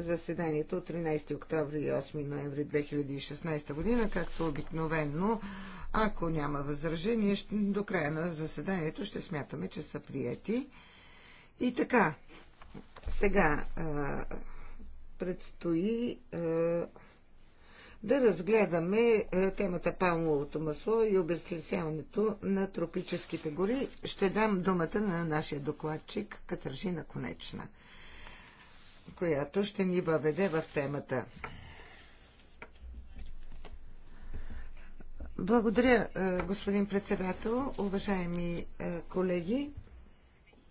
заседанието от 13 октомври и 8 ноември 2016 година, както обикновенно. Ако няма възражение, до края на заседанието ще смятаме, че са прияти. И така, сега а, предстои а, да разгледаме а, темата палмовото масло и обезлесяването на тропическите гори. Ще дам думата на нашия докладчик Катържина Конечна която ще ни въведе в темата. Благодаря, е, господин председател, уважаеми е, колеги.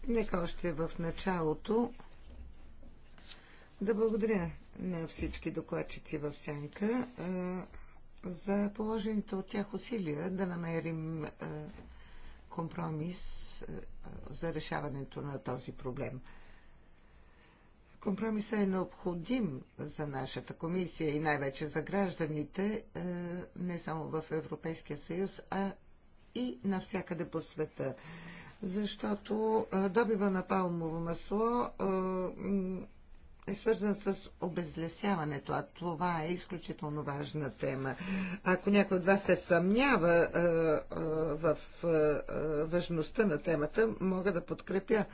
Нека още в началото да благодаря на всички докладчици в Сянка е, за положените от тях усилия да намерим компромис за решаването на този проблем. Компромисът е необходим за нашата комисия и най-вече за гражданите, е, не само в Европейския съюз, а и навсякъде по света. Защото е, добива на палмово масло е, е свързан с обезлесяването, а това е изключително важна тема. Ако някой от вас се съмнява в важността на темата, мога да подкрепя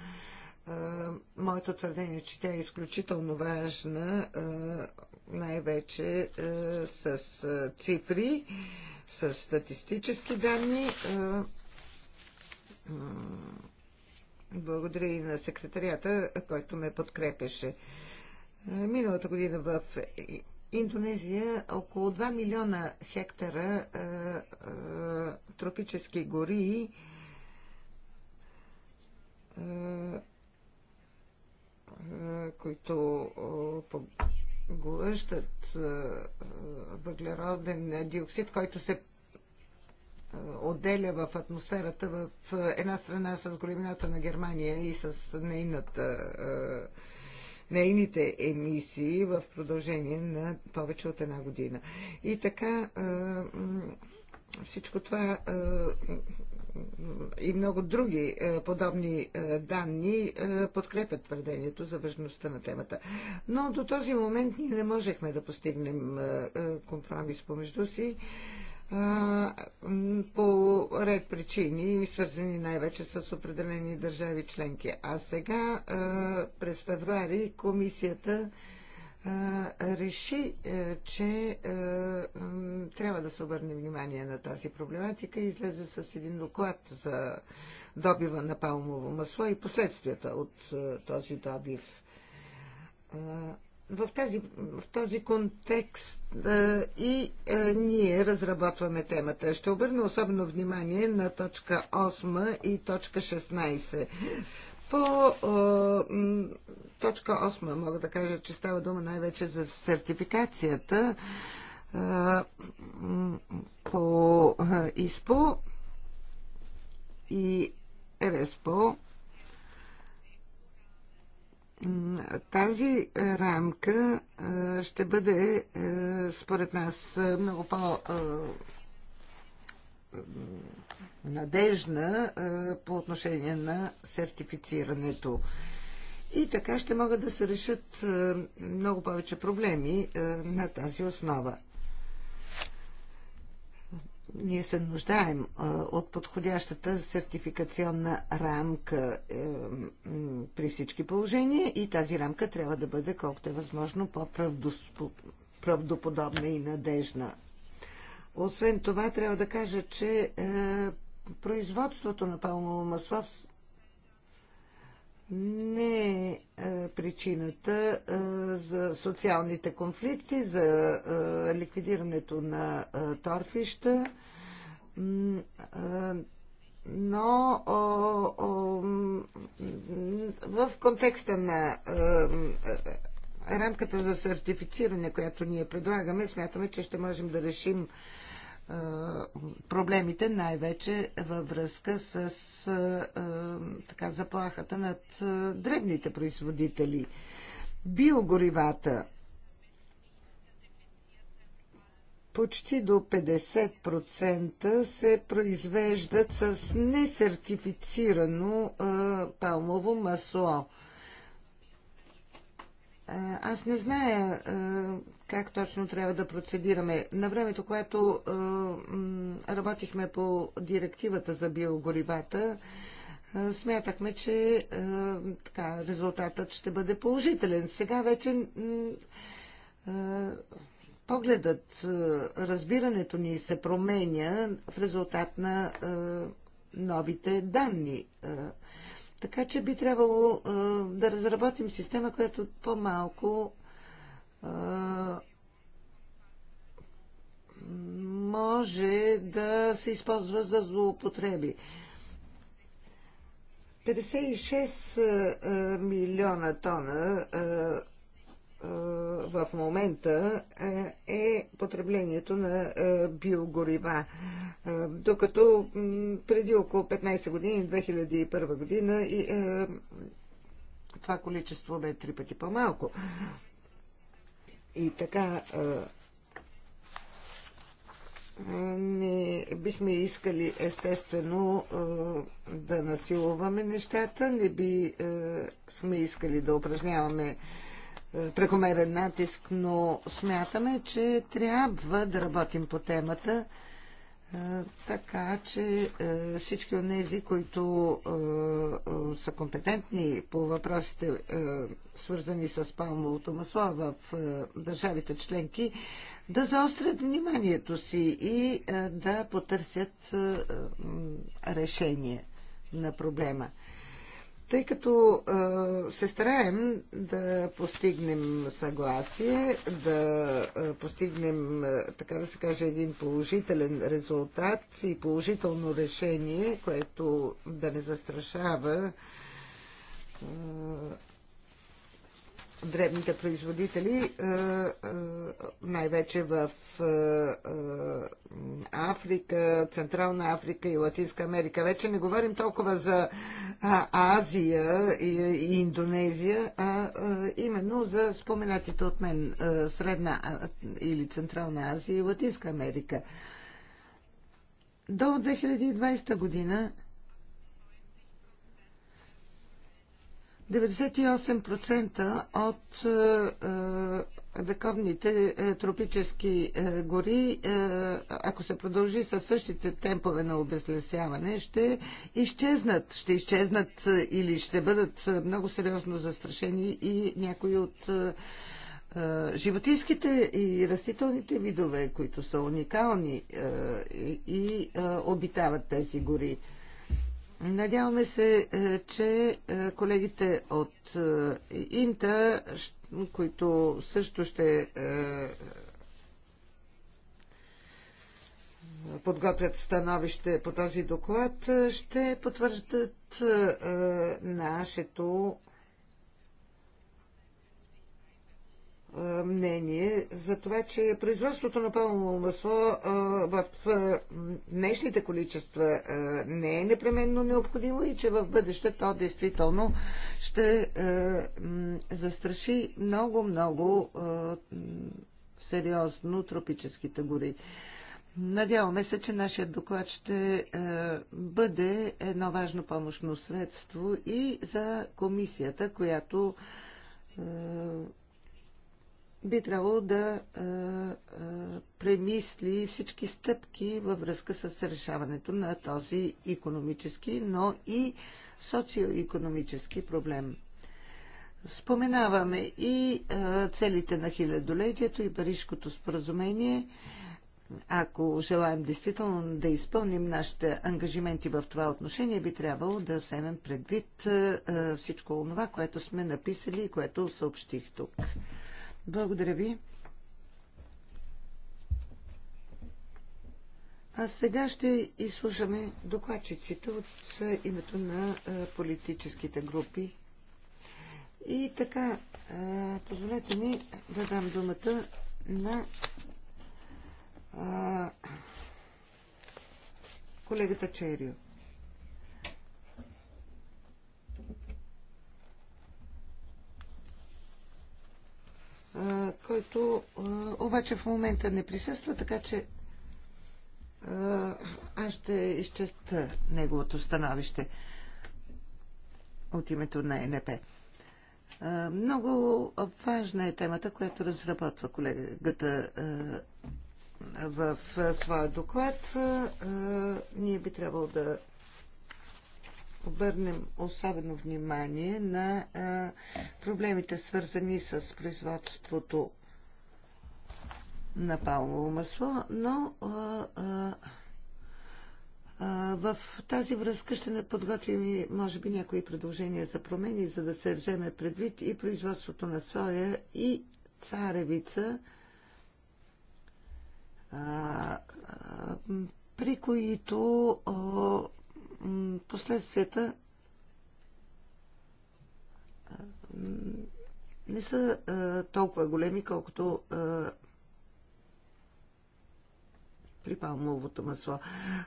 моето твърдение, че тя е изключително важна, най-вече с цифри, с статистически данни. Благодаря и на секретарията, който ме подкрепеше. Миналата година в Индонезия около 2 милиона хектара тропически гори е, които е, поглъщат е, въглероден диоксид, който се отделя в атмосферата в една страна с големината на Германия и с нейната, нейните емисии в продължение на повече от една година. И така всичко това и много други е, подобни е, данни е, подкрепят твърдението за важността на темата. Но до този момент ние не можехме да постигнем компромис помежду си по ред причини, свързани най-вече с определени държави членки. А сега през февруари комисията реши, е, че е, трябва да се обърне внимание на тази проблематика и излезе с един доклад за добива на палмово масло и последствията от е, този добив. В, този, в този контекст а, и а, ние разработваме темата. Ще обърна особено внимание на точка 8 и точка 16. По точка 8 мога да кажа, че става дума най-вече за сертификацията по ИСПО и ЕВСПО. Тази рамка ще бъде, според нас, много по- надежна по отношение на сертифицирането. И така ще могат да се решат много повече проблеми на тази основа. Ние се нуждаем от подходящата сертификационна рамка е, при всички положения и тази рамка трябва да бъде колкото е възможно по-правдоподобна и надежна. Освен това, трябва да кажа, че е, производството на палмово масло не е, е причината е, за социалните конфликти, за е, ликвидирането на торфища, но в контекста на рамката за сертифициране, която ние предлагаме, смятаме, че ще можем да решим проблемите, най-вече във връзка с така, заплахата над дребните производители. Биогоривата почти до 50% се произвеждат с несертифицирано палмово масло – аз не зная как точно трябва да процедираме. На времето, което работихме по директивата за биогоривата, смятахме, че така, резултатът ще бъде положителен. Сега вече погледът, разбирането ни се променя в резултат на новите данни. Така че би трябвало а, да разработим система, която по-малко може да се използва за злоупотреби. 56 милиона тона е, в момента е, е потреблението на е, биогорива. Докато преди около 15 години, 2001 година, и, това количество бе три пъти по-малко. И така не бихме искали естествено да насилуваме нещата, не бихме искали да упражняваме прекомерен натиск, но смятаме, че трябва да работим по темата, е, така че е, всички от тези, които е, са компетентни по въпросите, свързани с палмовото масло в държавите членки, да заострят вниманието си и да потърсят решение на проблема. Тъй като а, се стараем да постигнем съгласие, да а, постигнем, а, така да се каже, един положителен резултат и положително решение, което да не застрашава дребните производители, е, е, най-вече в е, Африка, Централна Африка и Латинска Америка. Вече не говорим толкова за Азия и Индонезия, а именно за споменатите от мен Средна или Централна Азия и Латинска Америка. До 2020 година 98% от е, е, вековните е, тропически гори, ако се продължи със същите темпове на обезлесяване, ще изчезнат. Ще изчезнат или ще бъдат много сериозно застрашени и някои от животинските и растителните видове, които са уникални и обитават тези гори. Надяваме се, е, че е, колегите от е, Инта, които също ще подготвят становище по този доклад, ще потвърждат нашето мнение за това, че производството на пълно масло в днешните количества не е непременно необходимо и че в бъдеще то действително ще застраши много-много сериозно тропическите гори. Надяваме се, че нашия доклад ще бъде едно важно помощно средство и за комисията, която би трябвало да а, а, премисли всички стъпки във връзка с решаването на този економически, но и социоекономически проблем. Споменаваме и а, целите на хилядолетието и Парижското споразумение. Ако желаем действително да изпълним нашите ангажименти в това отношение, би трябвало да вземем предвид а, всичко това, което сме написали и което съобщих тук. Благодаря ви. А сега ще изслушаме докладчиците от името на политическите групи. И така, позволете ми да дам думата на колегата Черио. който обаче в момента не присъства, така че аз ще изчеста неговото становище от името на ЕНП. Много важна е темата, която разработва колегата в своя доклад. Ние би трябвало да обърнем особено внимание на проблемите, свързани с производството на палмово масло, но в тази връзка ще не подготвим, и може би, някои предложения за промени, за да се вземе предвид и производството на соя и царевица, при които последствията не са а, толкова големи, колкото а, при палмовото масло.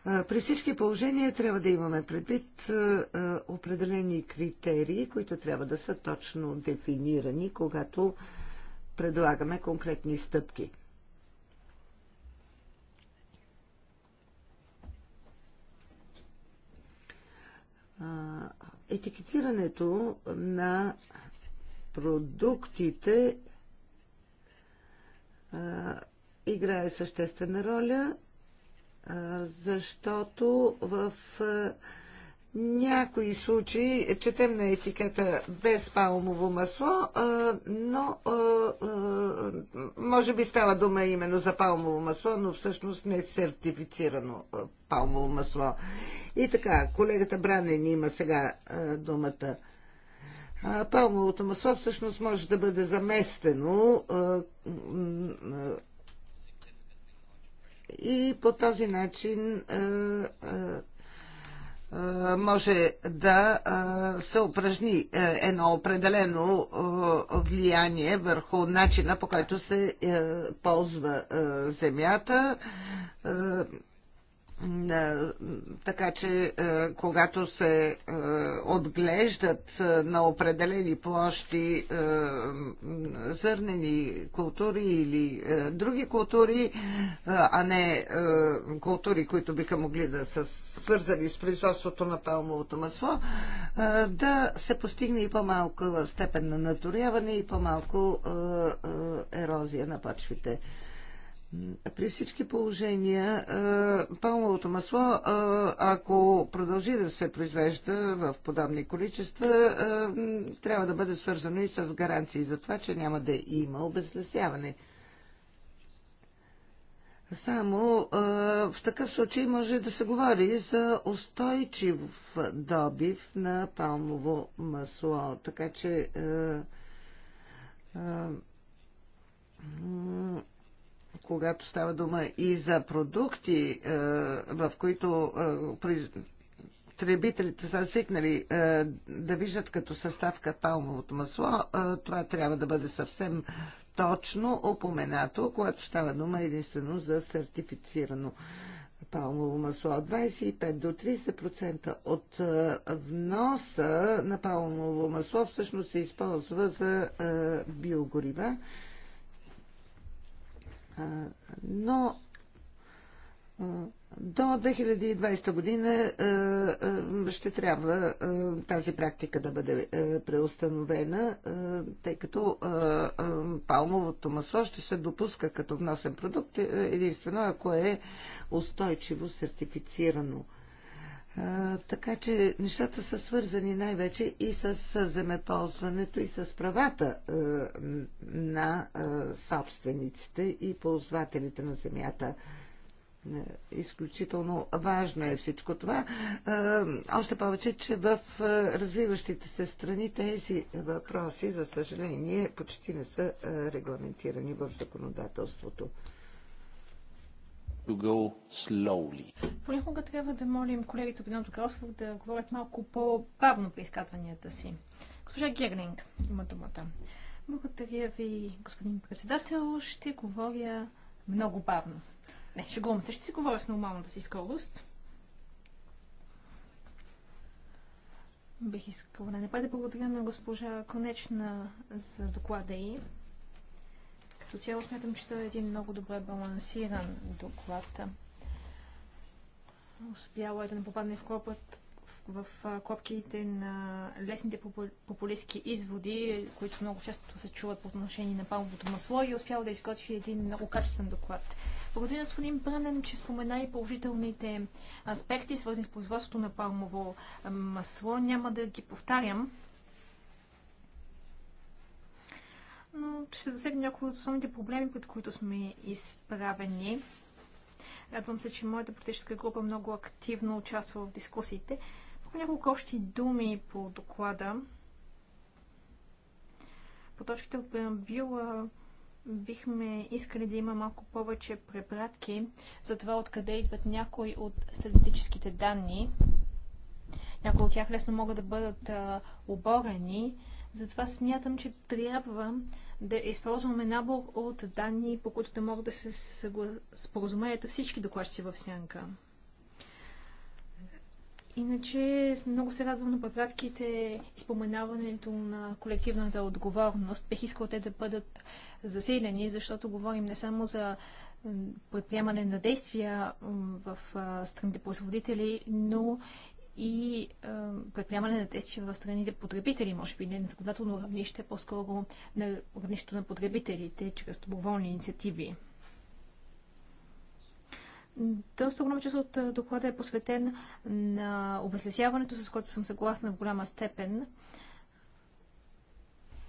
А, при всички положения трябва да имаме предвид а, а, определени критерии, които трябва да са точно дефинирани, когато предлагаме конкретни стъпки. етикетирането на продуктите играе съществена роля, защото в някои случаи четем на етикета без палмово масло, но може би става дума именно за палмово масло, но всъщност не е сертифицирано палмово масло. И така, колегата Бранен има сега думата. Палмовото масло всъщност може да бъде заместено и по този начин може да се упражни е, едно определено влияние върху начина по който се е, ползва е, земята е, така че е, когато се е, отглеждат на определени площи зърнени култури или други култури, а не култури, които биха могли да са свързани с производството на палмовото масло, да се постигне и по-малко степен на наторяване и по-малко ерозия на почвите. При всички положения палмовото масло, ако продължи да се произвежда в подобни количества, трябва да бъде свързано и с гаранции за това, че няма да има обезлесяване. Само в такъв случай може да се говори за устойчив добив на палмово масло. Така че когато става дума и за продукти, е, в които е, потребителите са свикнали е, да виждат като съставка палмовото масло, това трябва да бъде съвсем точно упоменато, когато става дума единствено за сертифицирано палмово масло. 25 до 30% от вноса на палмово масло всъщност се използва за биогорива но до 2020 година ще трябва тази практика да бъде преустановена, тъй като палмовото масло ще се допуска като вносен продукт е, единствено ако е устойчиво сертифицирано така че нещата са свързани най-вече и с земеползването и с правата на собствениците и ползвателите на земята. Е, изключително важно е всичко това. Още повече, че в развиващите се страни тези въпроси, за съжаление, почти не са регламентирани в законодателството. Понякога трябва да молим колегите от Обединеното кралство да говорят малко по-бавно при изказванията си. Госпожа Герлинг има думата. Благодаря ви, господин председател. Ще говоря много бавно. Не, ще се. Ще си говоря с нормалната си скорост. Бих искала да не бъде благодаря на госпожа Конечна за доклада и като цяло смятам, че той е един много добре балансиран доклад. Успяло е да не попадне в копът в копките на лесните популистски изводи, които много често се чуват по отношение на палмовото масло и е успял да изготви един много качествен доклад. Благодаря господин Брънен, че спомена и положителните аспекти, свързани с производството на палмово масло. Няма да ги повтарям. но ще засегна някои от основните проблеми, пред които сме изправени. Радвам се, че моята политическа група много активно участва в дискусиите. По няколко общи думи по доклада. По точките от преамбюла бихме искали да има малко повече препратки за това откъде идват някои от статистическите данни. Някои от тях лесно могат да бъдат а, оборени, затова смятам, че трябва да използваме набор от данни, по които да могат да се споразумеят всички докладчици в сянка. Иначе много се радвам на препратките и споменаването на колективната отговорност. Бех искал те да бъдат засилени, защото говорим не само за предприемане на действия в страните производители, но и а, предприемане на действия в страните потребители, може би не на законодателно равнище, по-скоро на равнището на потребителите, чрез доброволни инициативи. Доста голяма част от доклада е посветен на обезлесяването, с което съм съгласна в голяма степен.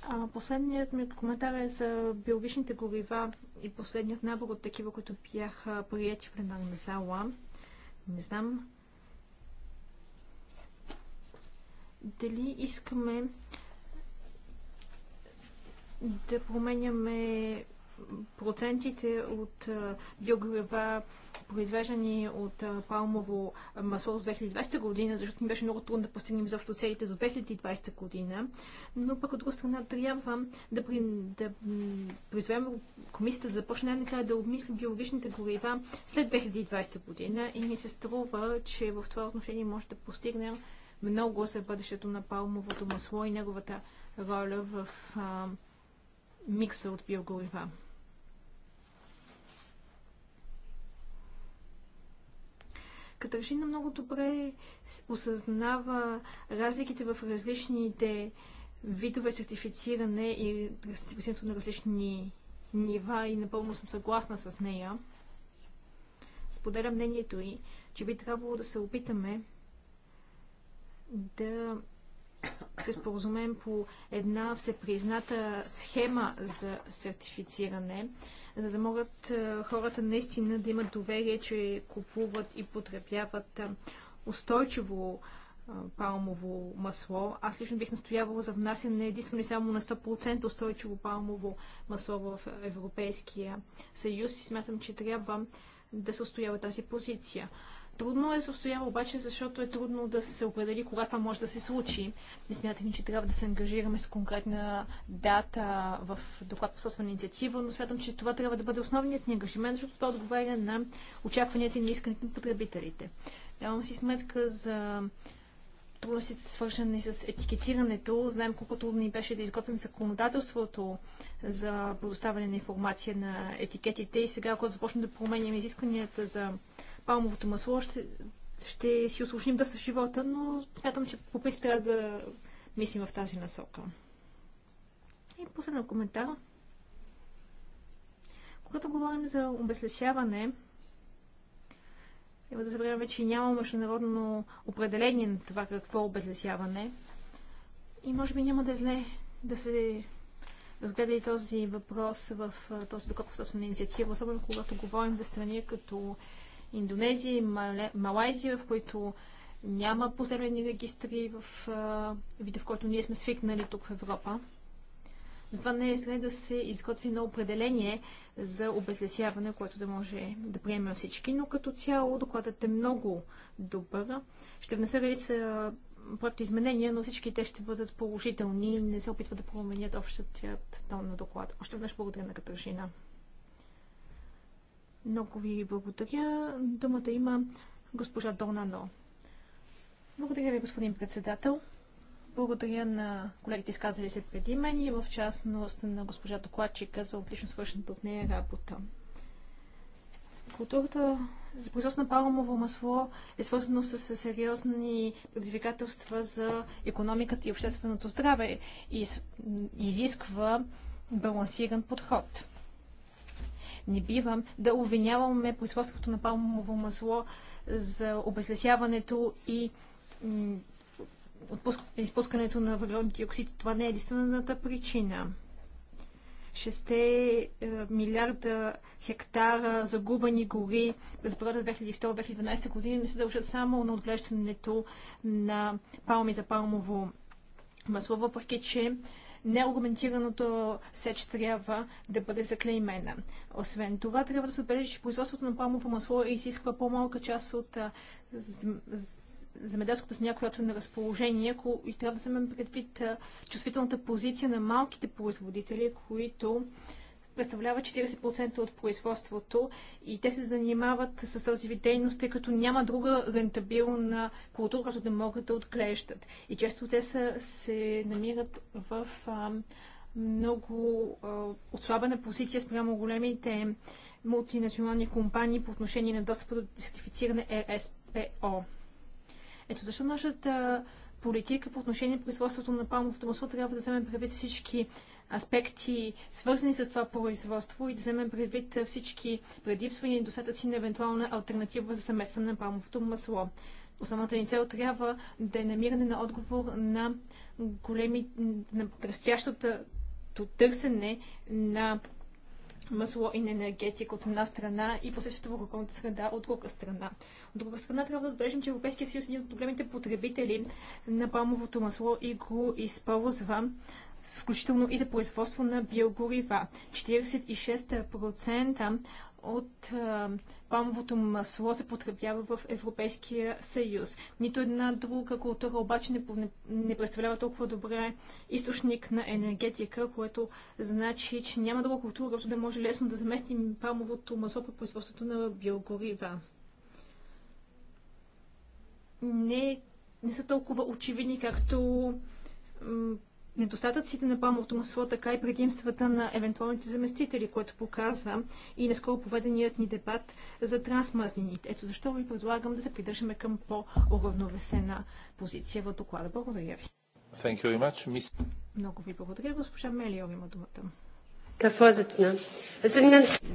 А последният ми коментар е за биологичните горива и последният набор от такива, които бяха прияти в пленарна зала. Не знам дали искаме да променяме процентите от биогорива, произвеждани от палмово масло от 2020 година, защото ми беше много трудно да постигнем защо целите до 2020 година. Но пък от друга страна трябва да, при, да произведем комисията да започне накрая да обмисли биологичните горива след 2020 година и ми се струва, че в това отношение може да постигнем много за бъдещето на палмовото масло и неговата роля в а, микса от биогорива. Катаржина много добре осъзнава разликите в различните видове сертифициране и сертифицирането на различни нива и напълно съм съгласна с нея. Споделя мнението и, че би трябвало да се опитаме да се споразумеем по една всепризната схема за сертифициране, за да могат е, хората наистина да имат доверие, че купуват и потребяват е, устойчиво е, палмово масло. Аз лично бих настоявала за внасяне единствено и само на 100% устойчиво палмово масло в Европейския съюз и смятам, че трябва да се устоява тази позиция. Трудно е да се устоява обаче, защото е трудно да се определи кога това може да се случи. Не смятам, че трябва да се ангажираме с конкретна дата в доклад по собствена инициатива, но смятам, че това трябва да бъде основният ни ангажимент, защото това отговаря на очакванията и на искането на потребителите. Давам си сметка за трудностите, свързани с етикетирането. Знаем колко трудно ни беше да изготвим законодателството за предоставяне на информация на етикетите и сега, когато започнем да променяме изискванията за палмовото масло, ще, ще си осложним доста живота, но смятам, че по принцип трябва да мислим в тази насока. И последен коментар. Когато говорим за обезлесяване, има да забравяме, че няма международно определение на това какво е обезлесяване. И може би няма да е зле да се разгледа и този въпрос в този доколко на инициатива, особено когато говорим за страни като Индонезия и Малайзия, в които няма поземлени регистри в вида, в който ние сме свикнали тук в Европа. Затова не е зле да се изготви на определение за обезлесяване, което да може да приемем всички, но като цяло докладът е много добър. Ще внеса редица проекти изменения, но всички те ще бъдат положителни и не се опитва да променят общият тон на доклад. Още веднъж благодаря на Катаржина. Много ви благодаря. Думата има госпожа Но. Благодаря ви, господин председател. Благодаря на колегите, изказали се преди мен и в частност на госпожа докладчика за отлично свършената от нея работа. Културата за производство на палмово масло е свързано с сериозни предизвикателства за економиката и общественото здраве и изисква балансиран подход. Не бива да обвиняваме производството на палмово масло за обезлесяването и изпускането на въглероден диоксид. Това не е единствената причина. 6 е, милиарда хектара загубени гори през периода 2002-2012 години не се дължат само на отглеждането на палми за палмово масло, въпреки че неаргументираното сеч трябва да бъде заклеймена. Освен това, трябва да се отбележи, че производството на палмово масло изисква по-малка част от земеделската земя, която е на разположение, ако и трябва да вземем предвид чувствителната позиция на малките производители, които представлява 40% от производството и те се занимават с този вид дейност, тъй като няма друга рентабилна култура, която да могат да отглеждат. И често те са, се намират в а, много а, отслабена позиция спрямо големите мултинационални компании по отношение на достъпа до сертифициране РСПО. Ето защо нашата политика по отношение на производството на палмовото масло трябва да вземе предвид всички аспекти, свързани с това производство и да вземем предвид всички предимства и недостатъци на евентуална альтернатива за заместване на палмовото масло. Основната ни цел трябва да е намиране на отговор на големи, на растящото търсене на масло и на енергетика от една страна и последствието в околната среда от друга страна. От друга страна трябва да отбележим, че Европейския съюз е един от големите потребители на палмовото масло и го използва включително и за производство на биогорива. 46% от памовото масло се потребява в Европейския съюз. Нито една друга култура обаче не, не, представлява толкова добре източник на енергетика, което значи, че няма друга култура, която да може лесно да заместим памовото масло при производството на биогорива. Не, не са толкова очевидни, както недостатъците на палмовото масло, така и предимствата на евентуалните заместители, което показва и наскоро поведеният ни дебат за трансмазнините. Ето защо ви предлагам да се придържаме към по-уравновесена позиция в доклада. Благодаря ви. Thank you very much. Miss... Много ви благодаря. Госпожа Мелио има думата.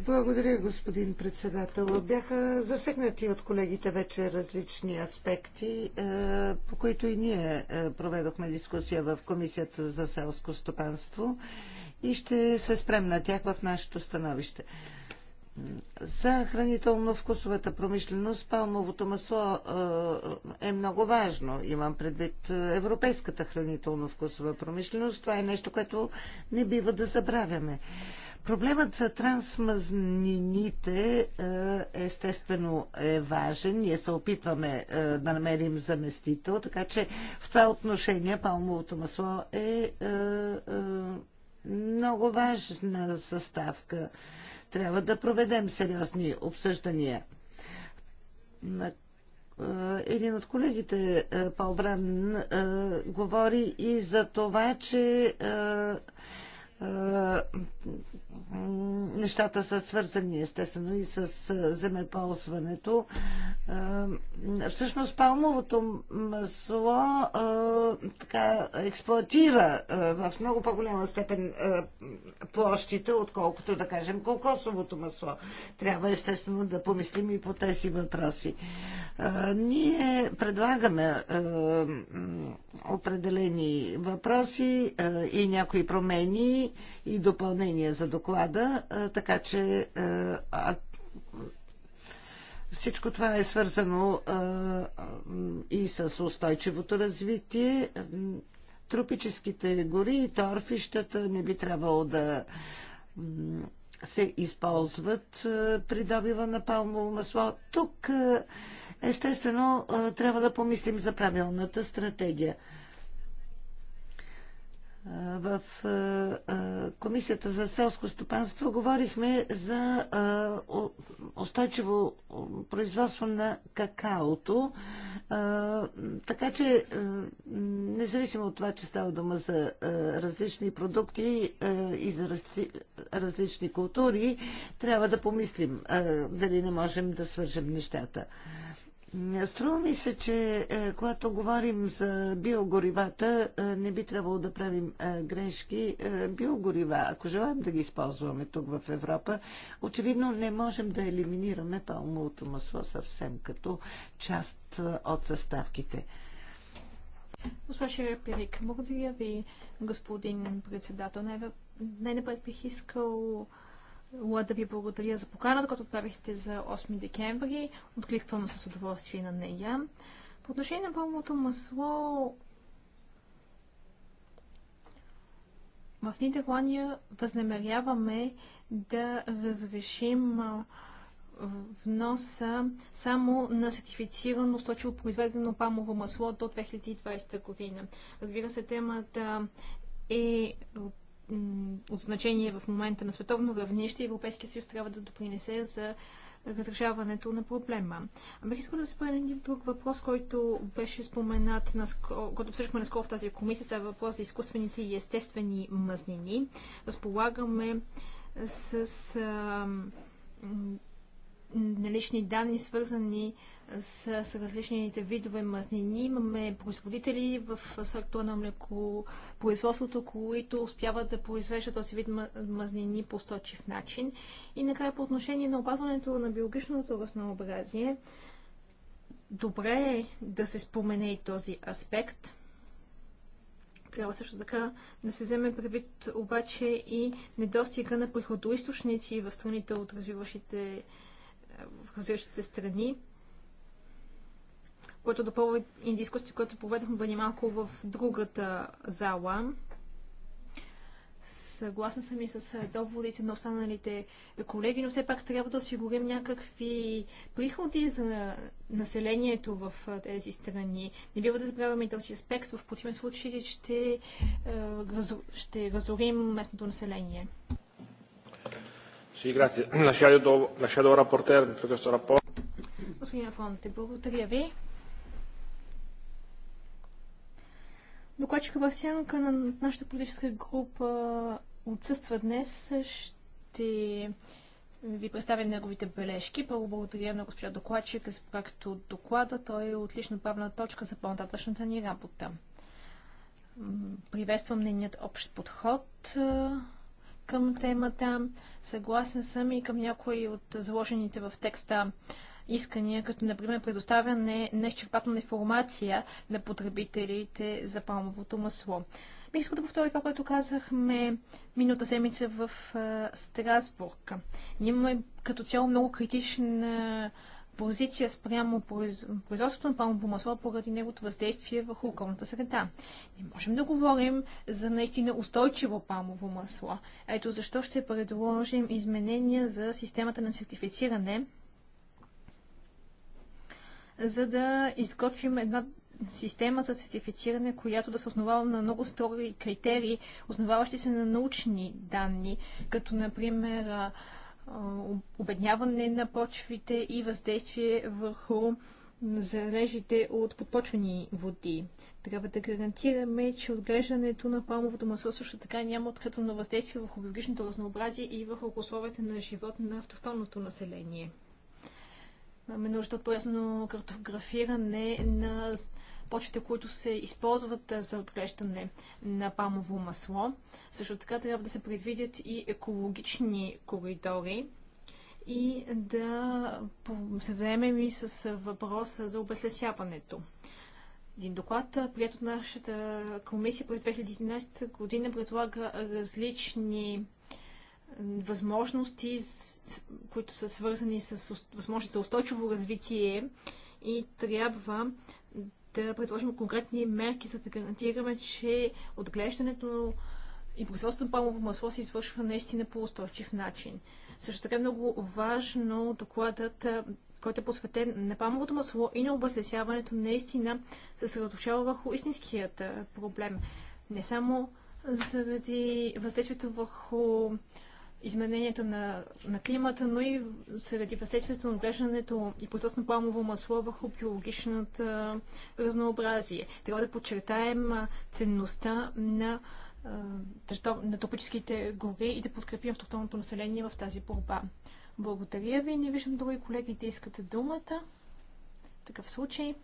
Благодаря, господин председател. Бяха засегнати от колегите вече различни аспекти, е, по които и ние е, проведохме дискусия в Комисията за селско стопанство и ще се спрем на тях в нашето становище. За хранително-вкусовата промишленост палмовото масло е много важно. Имам предвид европейската хранително-вкусова промишленост. Това е нещо, което не бива да забравяме. Проблемът за трансмазнините естествено е важен. Ние се опитваме да намерим заместител, така че в това отношение палмовото масло е много важна съставка трябва да проведем сериозни обсъждания. Един от колегите, Пал Бран, говори и за това, че нещата са свързани естествено и с земеползването. Всъщност палмовото масло така експлуатира в много по-голяма степен площите, отколкото да кажем кокосовото масло. Трябва естествено да помислим и по тези въпроси. Ние предлагаме определени въпроси и някои промени и допълнения за доклада, така че всичко това е свързано и с устойчивото развитие. Тропическите гори и торфищата не би трябвало да се използват при добива на палмово масло. Тук, естествено, трябва да помислим за правилната стратегия в Комисията за селско стопанство говорихме за устойчиво производство на какаото. Така че, независимо от това, че става дума за различни продукти и за различни култури, трябва да помислим дали не можем да свържем нещата. Струва ми се, че е, когато говорим за биогоривата, е, не би трябвало да правим е, грешки. Биогорива, ако желаем да ги използваме тук в Европа, очевидно не можем да елиминираме палмовото масло съвсем като част от съставките. Госпожа Репирик, благодаря ви, господин председател. Най-напред бих искал Ла да ви благодаря за поканата, която отправихте за 8 декември. Откликвам с удоволствие на нея. По отношение на пълното масло, в Нидерландия възнамеряваме да разрешим вноса само на сертифицирано устойчиво произведено памово масло до 2020 година. Разбира се, темата е от значение в момента на световно равнище, Европейския съюз трябва да допринесе за разрешаването на проблема. А бих искал да се спомена един друг въпрос, който беше споменат, наскоро, който обсъждахме наскоро в тази комисия. Става въпрос за изкуствените и естествени мъзнини. Разполагаме с а, налични данни, свързани а, с, с различните видове мазнини. Имаме производители в сектора на млекопроизводството, които успяват да произвеждат този вид мазнини по сточив начин. И накрая по отношение на опазването на биологичното разнообразие, добре е да се спомене и този аспект. Трябва също така да се вземе предвид обаче и недостига на приходоисточници в страните от развиващите в развиващите се страни което допълва и дискусията, които поведохме бъде малко в другата зала. Съгласна съм и с доводите на останалите колеги, но все пак трябва да осигурим някакви приходи за населението в тези страни. Не бива да забравяме и този аспект. В противен случай ще, ще разорим местното население. Sì, grazie. La shadow, la shadow questo rapporto. Господин Афонте, благодаря ви. Докладчика в сянка на нашата политическа група отсъства днес. Ще ви представя неговите бележки. Първо благодаря на госпожа докладчика за от доклада. Той е отлична правна точка за по-нататъчната ни работа. Приветствам нейният общ подход към темата. Съгласен съм и към някои от заложените в текста искания, като например предоставяне на изчерпателна информация на потребителите за палмовото масло. Бих искал да повторя това, което казахме миналата седмица в Страсбург. Ние имаме като цяло много критична позиция спрямо производството на палмово масло поради неговото въздействие върху околната среда. Не можем да говорим за наистина устойчиво палмово масло. Ето защо ще предложим изменения за системата на сертифициране за да изготвим една система за сертифициране, която да се основава на много строги критерии, основаващи се на научни данни, като например обедняване на почвите и въздействие върху залежите от подпочвени води. Трябва да гарантираме, че отглеждането на палмовото масло също така няма отрицателно въздействие върху биологичното разнообразие и върху условията на живот на автохтонното население. Имаме нужда от полезно картографиране на почвите, които се използват за отглеждане на памово масло. Също така трябва да се предвидят и екологични коридори и да се заемем и с въпроса за обезлесяването. Един доклад, прият от нашата комисия през 2011 година, предлага различни възможности, които са свързани с възможности за устойчиво развитие и трябва да предложим конкретни мерки, за да гарантираме, че отглеждането и производството на палмово масло се извършва наистина по устойчив начин. Също така е много важно докладът, който е посветен на палмовото масло и на обезлесяването, наистина се съсредоточава върху истинският проблем. Не само заради въздействието върху измененията на, на климата, но и заради въздействието на отглеждането и посредством палмово масло върху биологичното разнообразие. Трябва да подчертаем ценността на на тропическите гори и да подкрепим автохтонното население в тази борба. Благодаря ви. Не виждам други колеги да искат думата. В такъв случай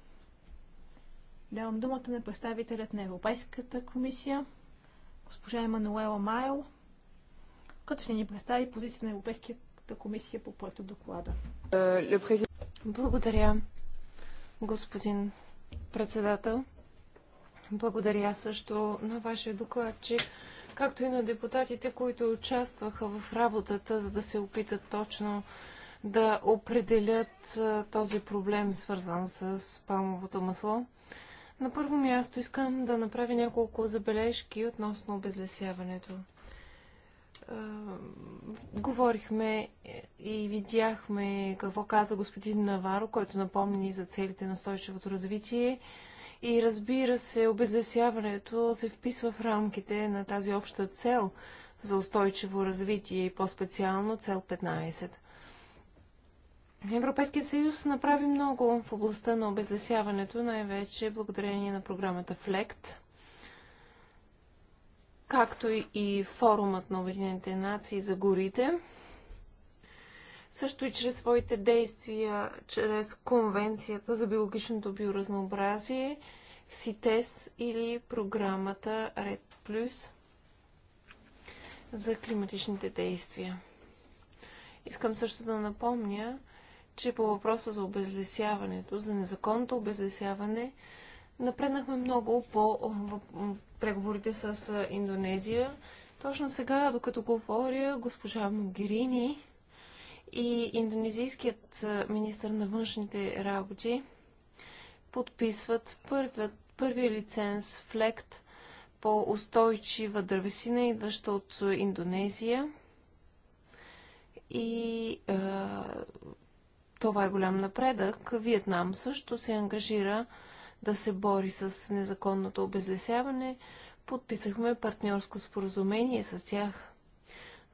давам думата на представителят на Европейската комисия, госпожа Емануела Майл като ще ни представи позицията на Европейската комисия по проекта доклада. Благодаря, господин председател. Благодаря също на вашия докладчик, както и на депутатите, които участваха в работата, за да се опитат точно да определят този проблем, свързан с палмовото масло. На първо място искам да направя няколко забележки относно обезлесяването говорихме и видяхме какво каза господин Наваро, който напомни за целите на устойчивото развитие. И разбира се, обезлесяването се вписва в рамките на тази обща цел за устойчиво развитие и по-специално цел 15. Европейският съюз направи много в областта на обезлесяването, най-вече благодарение на програмата ФЛЕКТ, както и форумът на Обединените нации за горите, също и чрез своите действия, чрез Конвенцията за биологичното биоразнообразие, СИТЕС или програмата Ред Плюс за климатичните действия. Искам също да напомня, че по въпроса за обезлесяването, за незаконното обезлесяване, напреднахме много по преговорите с Индонезия. Точно сега, докато говоря, госпожа Могерини и индонезийският министр на външните работи подписват първият, първия лиценз ФЛЕКТ по устойчива дървесина, идваща от Индонезия. И е, това е голям напредък. Виетнам също се ангажира да се бори с незаконното обезлесяване, подписахме партньорско споразумение с тях.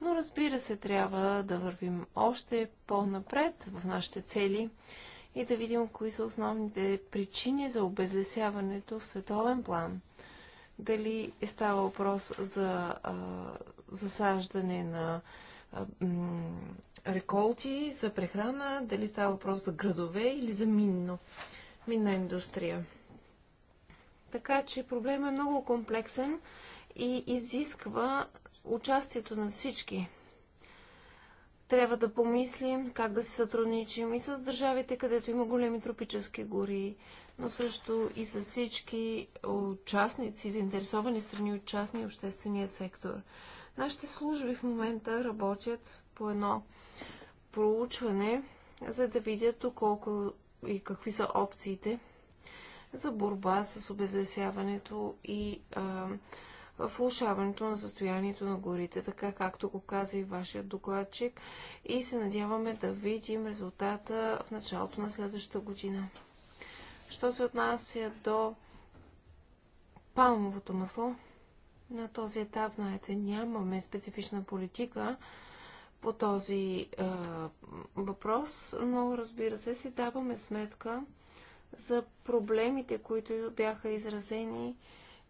Но разбира се, трябва да вървим още по-напред в нашите цели и да видим кои са основните причини за обезлесяването в световен план. Дали е става въпрос за а, засаждане на а, реколти, за прехрана, дали става въпрос за градове или за минно, минна индустрия. Така че проблемът е много комплексен и изисква участието на всички. Трябва да помислим как да се сътрудничим и с държавите, където има големи тропически гори, но също и с всички участници, заинтересовани страни от частния и обществения сектор. Нашите служби в момента работят по едно проучване, за да видят доколко и какви са опциите за борба с обезлесяването и а, влушаването на състоянието на горите, така както го каза и вашия докладчик и се надяваме да видим резултата в началото на следващата година. Що се отнася до палмовото масло, на този етап, знаете, нямаме специфична политика по този е, въпрос, но разбира се, си даваме сметка, за проблемите, които бяха изразени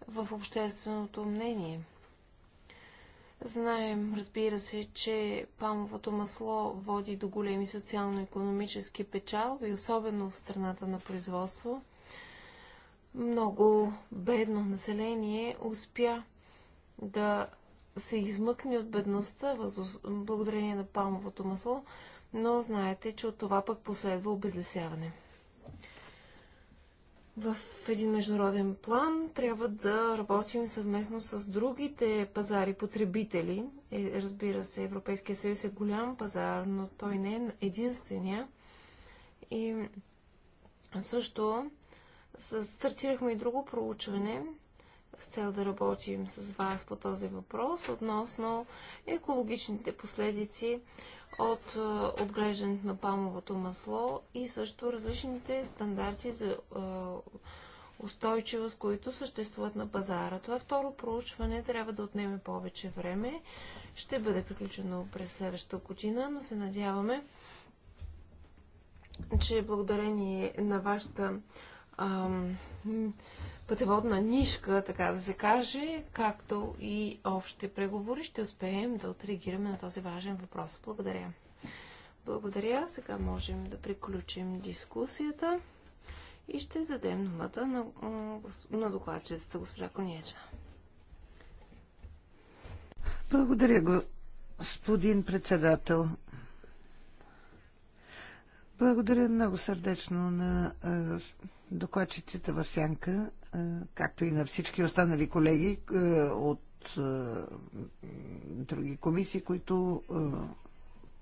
в общественото мнение. Знаем, разбира се, че памовото масло води до големи социално-економически печалби, особено в страната на производство. Много бедно население успя да се измъкне от бедността благодарение на памовото масло, но знаете, че от това пък последва обезлесяване в един международен план трябва да работим съвместно с другите пазари потребители. Е, разбира се, Европейския съюз е голям пазар, но той не е единствения. И също стартирахме и друго проучване с цел да работим с вас по този въпрос относно екологичните последици от е, отглеждането на палмовото масло и също различните стандарти за е, устойчивост, които съществуват на пазара. Това второ проучване трябва да отнеме повече време. Ще бъде приключено през следващата година, но се надяваме, че благодарение на вашата ам, пътеводна нишка, така да се каже, както и общите преговори, ще успеем да отреагираме на този важен въпрос. Благодаря. Благодаря. Сега можем да приключим дискусията и ще дадем думата на, на докладчицата госпожа Конечна. Благодаря, господин председател. Благодаря много сърдечно на докладчицата в Сянка е, както и на всички останали колеги е, от е, други комисии, които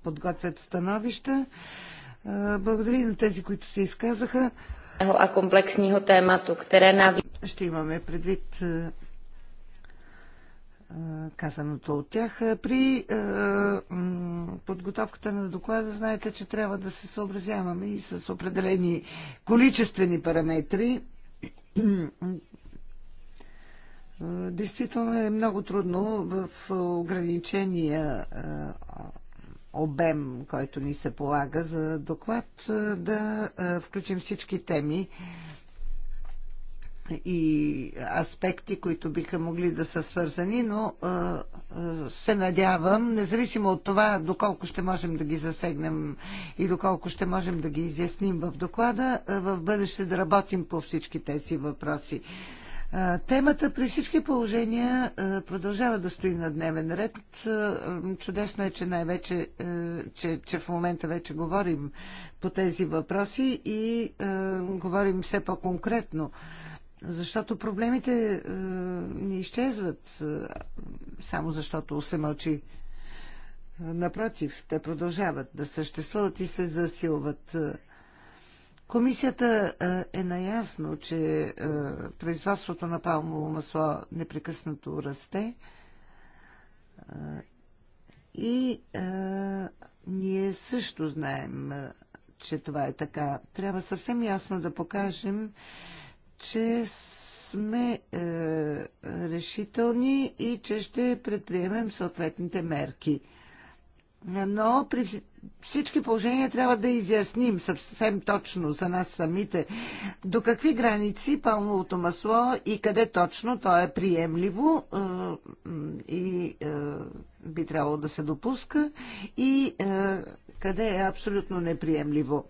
подготвят становища. Благодаря и на тези, които се изказаха. А комплексního темато, které нави... Ще имаме предвид казаното от тях. При подготовката на доклада знаете, че трябва да се съобразяваме и с определени количествени параметри. Действително е много трудно в ограничения обем, който ни се полага за доклад, да включим всички теми и аспекти, които биха могли да са свързани, но се надявам, независимо от това, доколко ще можем да ги засегнем и доколко ще можем да ги изясним в доклада, в бъдеще да работим по всички тези въпроси. Темата при всички положения продължава да стои на дневен ред. Чудесно е, че най-вече, че, че в момента вече говорим по тези въпроси и говорим все по-конкретно. Защото проблемите е, не изчезват е, само защото се мълчи. Е, напротив, те продължават да съществуват и се засилват. Е, комисията е, е наясно, че производството на палмово масло непрекъснато расте и ние също знаем, че това е така. Трябва съвсем ясно да покажем, че сме е, решителни и че ще предприемем съответните мерки. Но при всички положения трябва да изясним съвсем точно за нас самите до какви граници палмовото масло и къде точно то е приемливо е, и е, би трябвало да се допуска и е, къде е абсолютно неприемливо.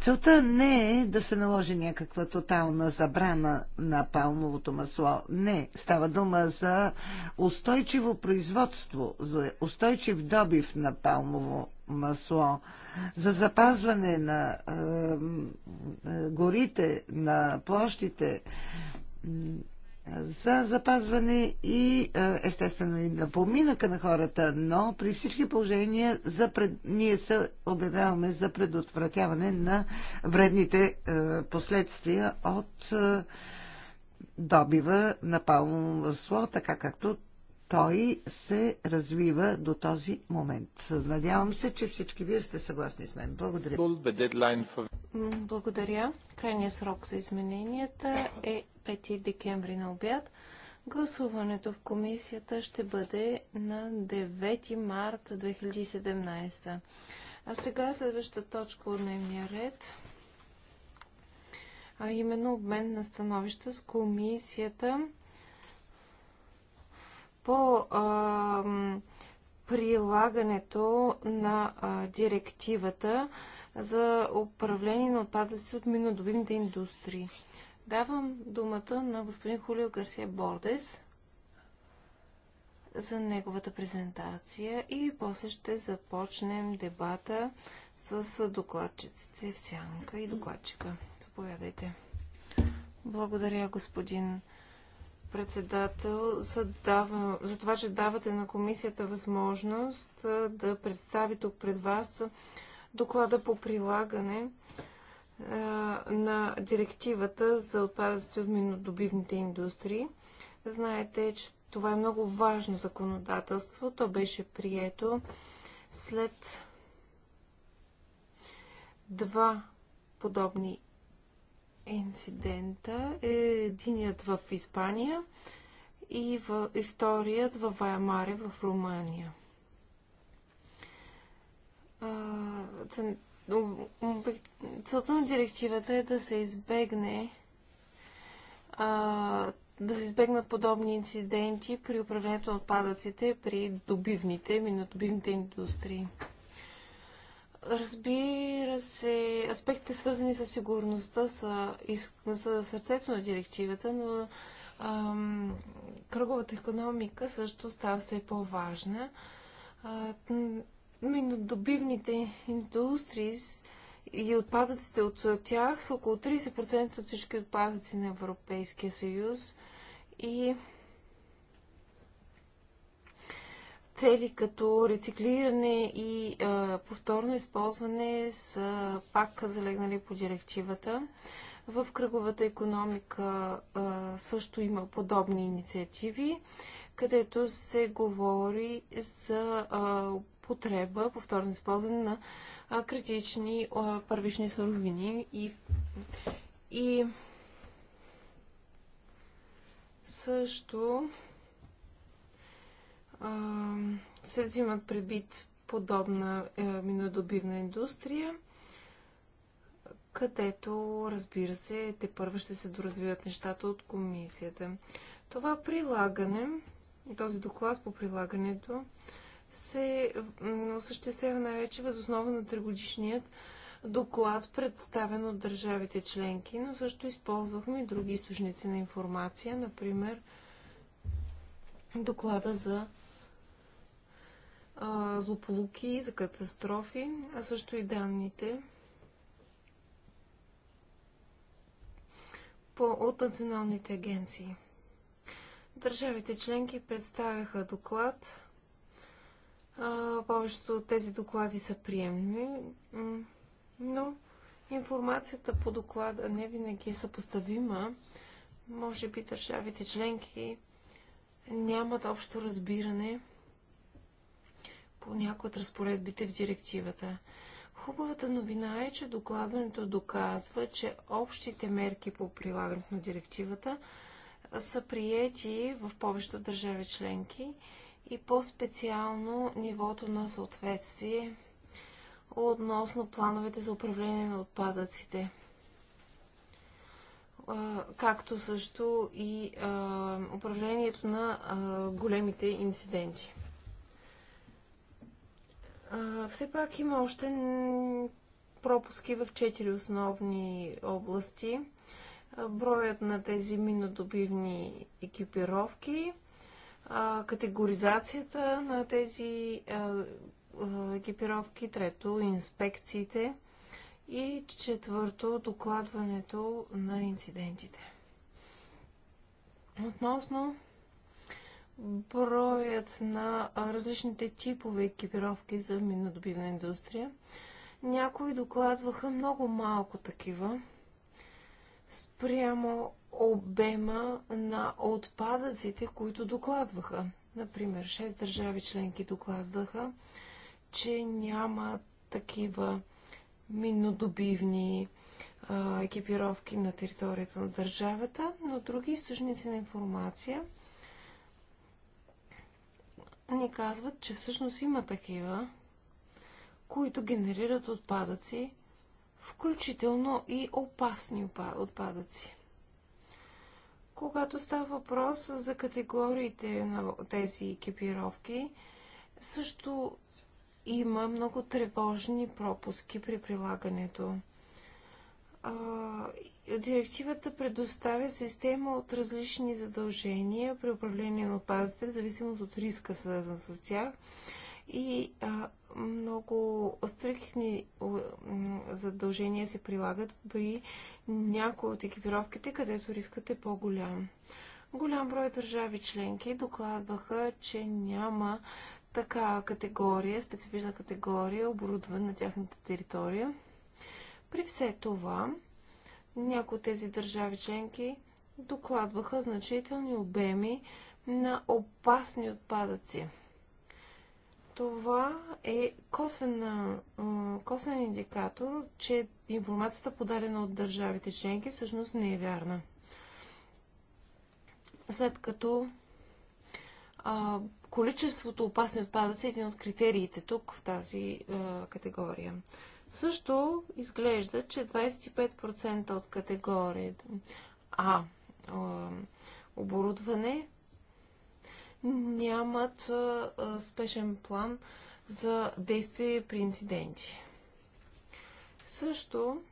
Целта не е да се наложи някаква тотална забрана на палмовото масло. Не, става дума за устойчиво производство, за устойчив добив на палмово масло, за запазване на е, горите, на площите, за запазване и е, естествено и на поминъка на хората, но при всички положения за пред... ние се обявяваме за предотвратяване на вредните е, последствия от е, добива на пално масло, така както той се развива до този момент. Надявам се, че всички вие сте съгласни с мен. Благодаря. Благодаря. Крайният срок за измененията е 5 декември на обяд. Гласуването в комисията ще бъде на 9 март 2017. А сега следваща точка от дневния ред, а именно обмен на становища с комисията по а, прилагането на а, директивата за управление на отпадъци от минодобивните индустрии. Давам думата на господин Хулио Гарсия Бордес за неговата презентация и после ще започнем дебата с докладчиците в сянка и докладчика. Заповядайте. Благодаря, господин председател, за, дава, за това, че давате на комисията възможност да представи тук пред вас доклада по прилагане на директивата за отпадъците от минодобивните индустрии. Знаете, че това е много важно законодателство. То беше прието след два подобни инцидента. Единият в Испания и, в, и вторият в Ваямаре в Румъния целта на директивата е да се избегне а, да се избегнат подобни инциденти при управлението на отпадъците при добивните, минодобивните индустрии. Разбира се, аспектите свързани с сигурността са, са сърцето на директивата, но ам, кръговата економика също става все по-важна минодобивните индустрии и отпадъците от тях са около 30% от всички отпадъци на Европейския съюз и цели като рециклиране и а, повторно използване са пак залегнали по директивата. В кръговата економика а, също има подобни инициативи, където се говори за а, потреба, повторно използване на критични първични суровини и, и също се взимат предвид подобна е, минодобивна индустрия, където, разбира се, те първо ще се доразвиват нещата от комисията. Това прилагане, този доклад по прилагането се осъществява най-вече възоснова на тригодишният доклад, представен от държавите членки, но също използвахме и други източници на информация, например доклада за злополуки, за катастрофи, а също и данните по, от националните агенции. Държавите членки представяха доклад повечето от тези доклади са приемни, но информацията по доклада не винаги е съпоставима. Може би държавите членки нямат общо разбиране по някои от разпоредбите в директивата. Хубавата новина е, че докладването доказва, че общите мерки по прилагането на директивата са приети в повечето държави членки и по-специално нивото на съответствие относно плановете за управление на отпадъците както също и управлението на големите инциденти. все пак има още пропуски в четири основни области. Броят на тези минодобивни екипировки, категоризацията на тези екипировки, трето инспекциите и четвърто докладването на инцидентите. Относно броят на различните типове екипировки за минодобивна индустрия, някои докладваха много малко такива спрямо обема на отпадъците, които докладваха. Например, 6 държави членки докладваха, че няма такива миннодобивни екипировки на територията на държавата, но други източници на информация ни казват, че всъщност има такива, които генерират отпадъци, включително и опасни отпадъци когато става въпрос за категориите на тези екипировки, също има много тревожни пропуски при прилагането. директивата предоставя система от различни задължения при управление на отпадъците, в зависимост от риска, свързан с тях, и много стрихни задължения се прилагат при някои от екипировките, където рискът е по-голям. Голям брой държави членки докладваха, че няма така категория, специфична категория оборудване на тяхната територия. При все това, някои от тези държави членки докладваха значителни обеми на опасни отпадъци – това е косвена, косвен индикатор, че информацията подадена от държавите членки всъщност не е вярна. След като а, количеството опасни отпадъци е един от критериите тук в тази а, категория. Също изглежда, че 25% от категория А оборудване нямат спешен план за действие при инциденти. Също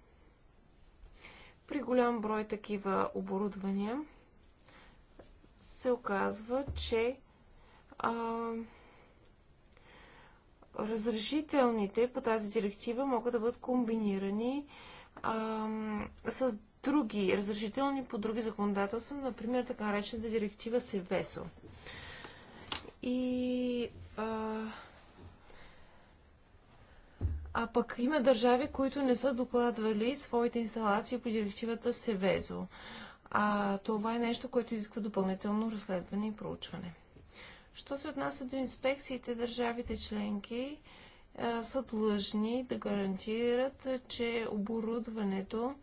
при голям брой такива оборудвания се оказва, че а, разрешителните по тази директива могат да бъдат комбинирани а, с други разрешителни по други законодателства, например така наречената директива Севесо. И а, а пък има държави, които не са докладвали своите инсталации по директивата Севезо. А това е нещо, което изисква допълнително разследване и проучване. Що се отнася до инспекциите, държавите членки а, са длъжни да гарантират, че оборудването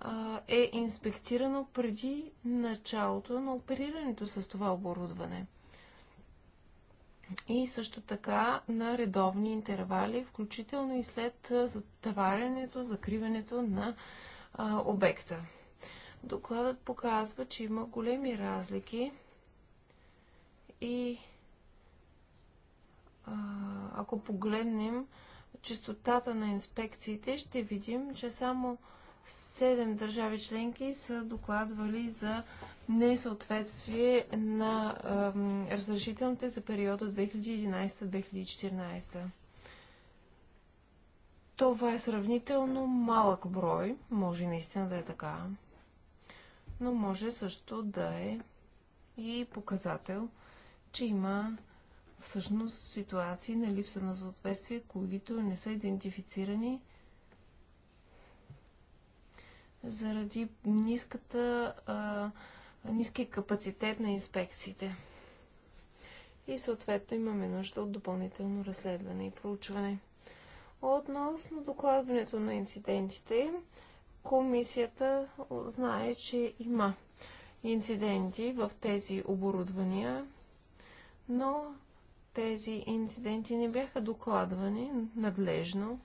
а, е инспектирано преди началото на оперирането с това оборудване и също така на редовни интервали, включително и след затварянето, закриването на а, обекта. Докладът показва, че има големи разлики и а, ако погледнем частотата на инспекциите, ще видим, че само 7 държави членки са докладвали за несъответствие на разрешителните за периода 2011-2014. Това е сравнително малък брой, може наистина да е така, но може също да е и показател, че има всъщност ситуации на липса на съответствие, които не са идентифицирани заради ниската а, Ниски капацитет на инспекциите. И съответно имаме нужда от допълнително разследване и проучване. Относно докладването на инцидентите, комисията знае, че има инциденти в тези оборудвания, но тези инциденти не бяха докладвани надлежно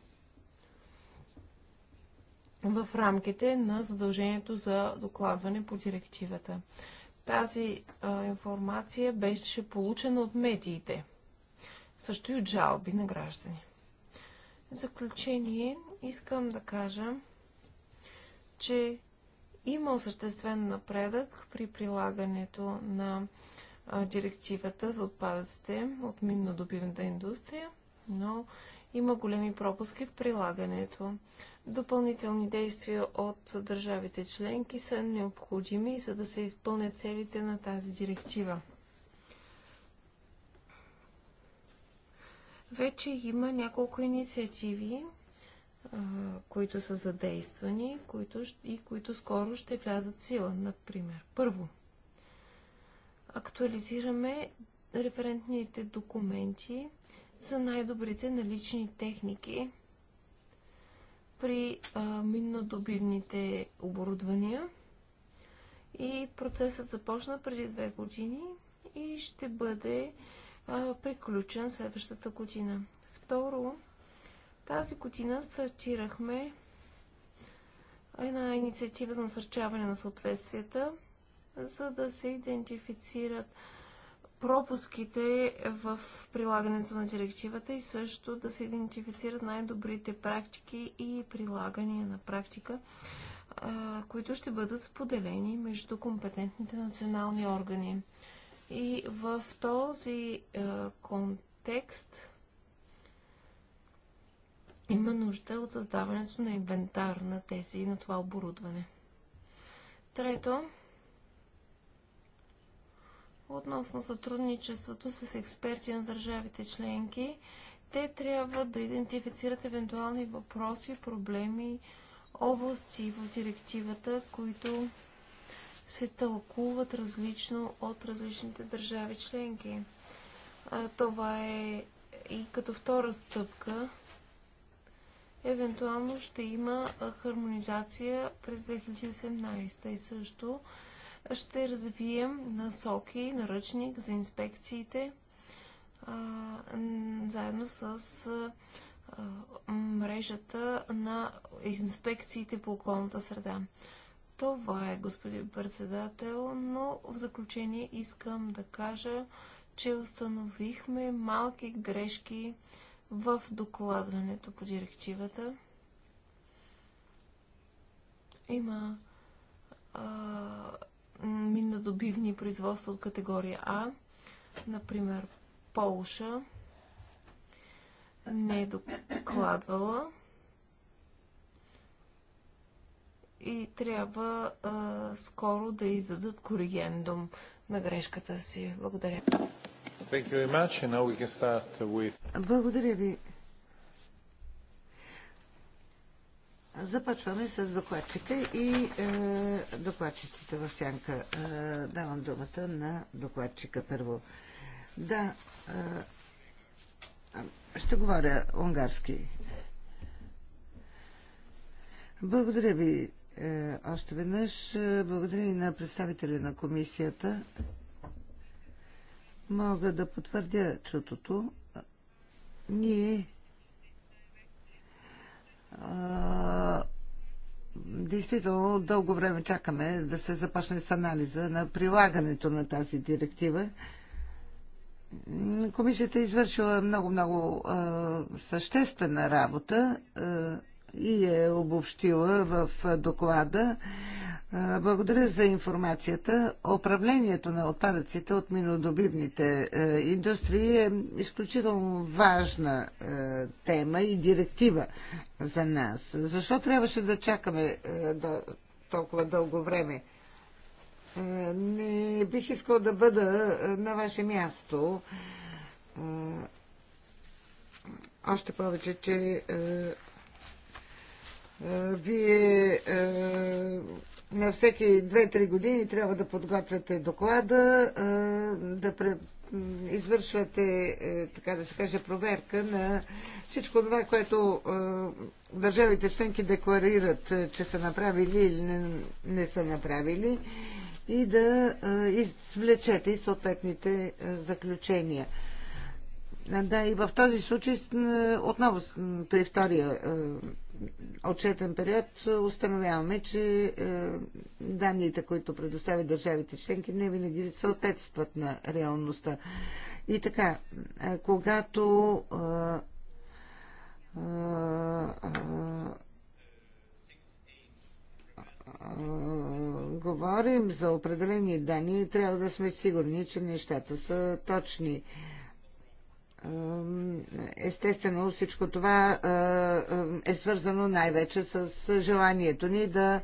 в рамките на задължението за докладване по директивата. Тази а, информация беше получена от медиите, също и от жалби на граждани. В заключение искам да кажа, че има осъществен напредък при прилагането на а, директивата за отпадъците от миннодобивната индустрия, но има големи пропуски в прилагането. Допълнителни действия от държавите членки са необходими, за да се изпълнят целите на тази директива. Вече има няколко инициативи, които са задействани които, и които скоро ще влязат в сила. Например, първо, актуализираме референтните документи са най-добрите налични техники при миннодобивните оборудвания. И процесът започна преди две години и ще бъде приключен следващата година. Второ, тази година стартирахме една инициатива за насърчаване на съответствията, за да се идентифицират пропуските в прилагането на директивата и също да се идентифицират най-добрите практики и прилагания на практика, които ще бъдат споделени между компетентните национални органи. И в този контекст има нужда от създаването на инвентар на тези и на това оборудване. Трето, относно сътрудничеството с експерти на държавите членки. Те трябва да идентифицират евентуални въпроси, проблеми, области в директивата, които се тълкуват различно от различните държави членки. А, това е и като втора стъпка. Евентуално ще има хармонизация през 2018 и също ще развием насоки, наръчник за инспекциите, а, заедно с а, мрежата на инспекциите по околната среда. Това е, господин председател, но в заключение искам да кажа, че установихме малки грешки в докладването по директивата. Има а, миннодобивни производства от категория А, например Полша, не е докладвала и трябва а, скоро да издадат коригендум на грешката си. Благодаря. Благодаря ви. Започваме с докладчика и е, докладчиците в сянка. Е, давам думата на докладчика първо. Да, е, ще говоря унгарски. Благодаря ви е, още веднъж. Е, благодаря и на представителя на комисията. Мога да потвърдя чутото. Ние Действително, дълго време чакаме да се започне с анализа на прилагането на тази директива. Комисията е извършила много-много съществена работа и е обобщила в доклада. Благодаря за информацията. Управлението на отпадъците от минодобивните е, индустрии е изключително важна е, тема и директива за нас. Защо трябваше да чакаме е, толкова дълго време? Не бих искал да бъда на ваше място. Още повече, че е, вие е, на всеки 2-3 години трябва да подготвяте доклада, е, да извършвате, така да се каже, проверка на всичко това, което държавите членки декларират, че са направили или не, не са направили и да извлечете и съответните заключения. Да, и в този случай отново при втория е, отчетен период установяваме, че е, данните, които предоставят държавите членки, не винаги съответстват на реалността. И така, е, когато говорим за определени данни, трябва да сме сигурни, че нещата са точни. Естествено, всичко това е свързано най-вече с желанието ни да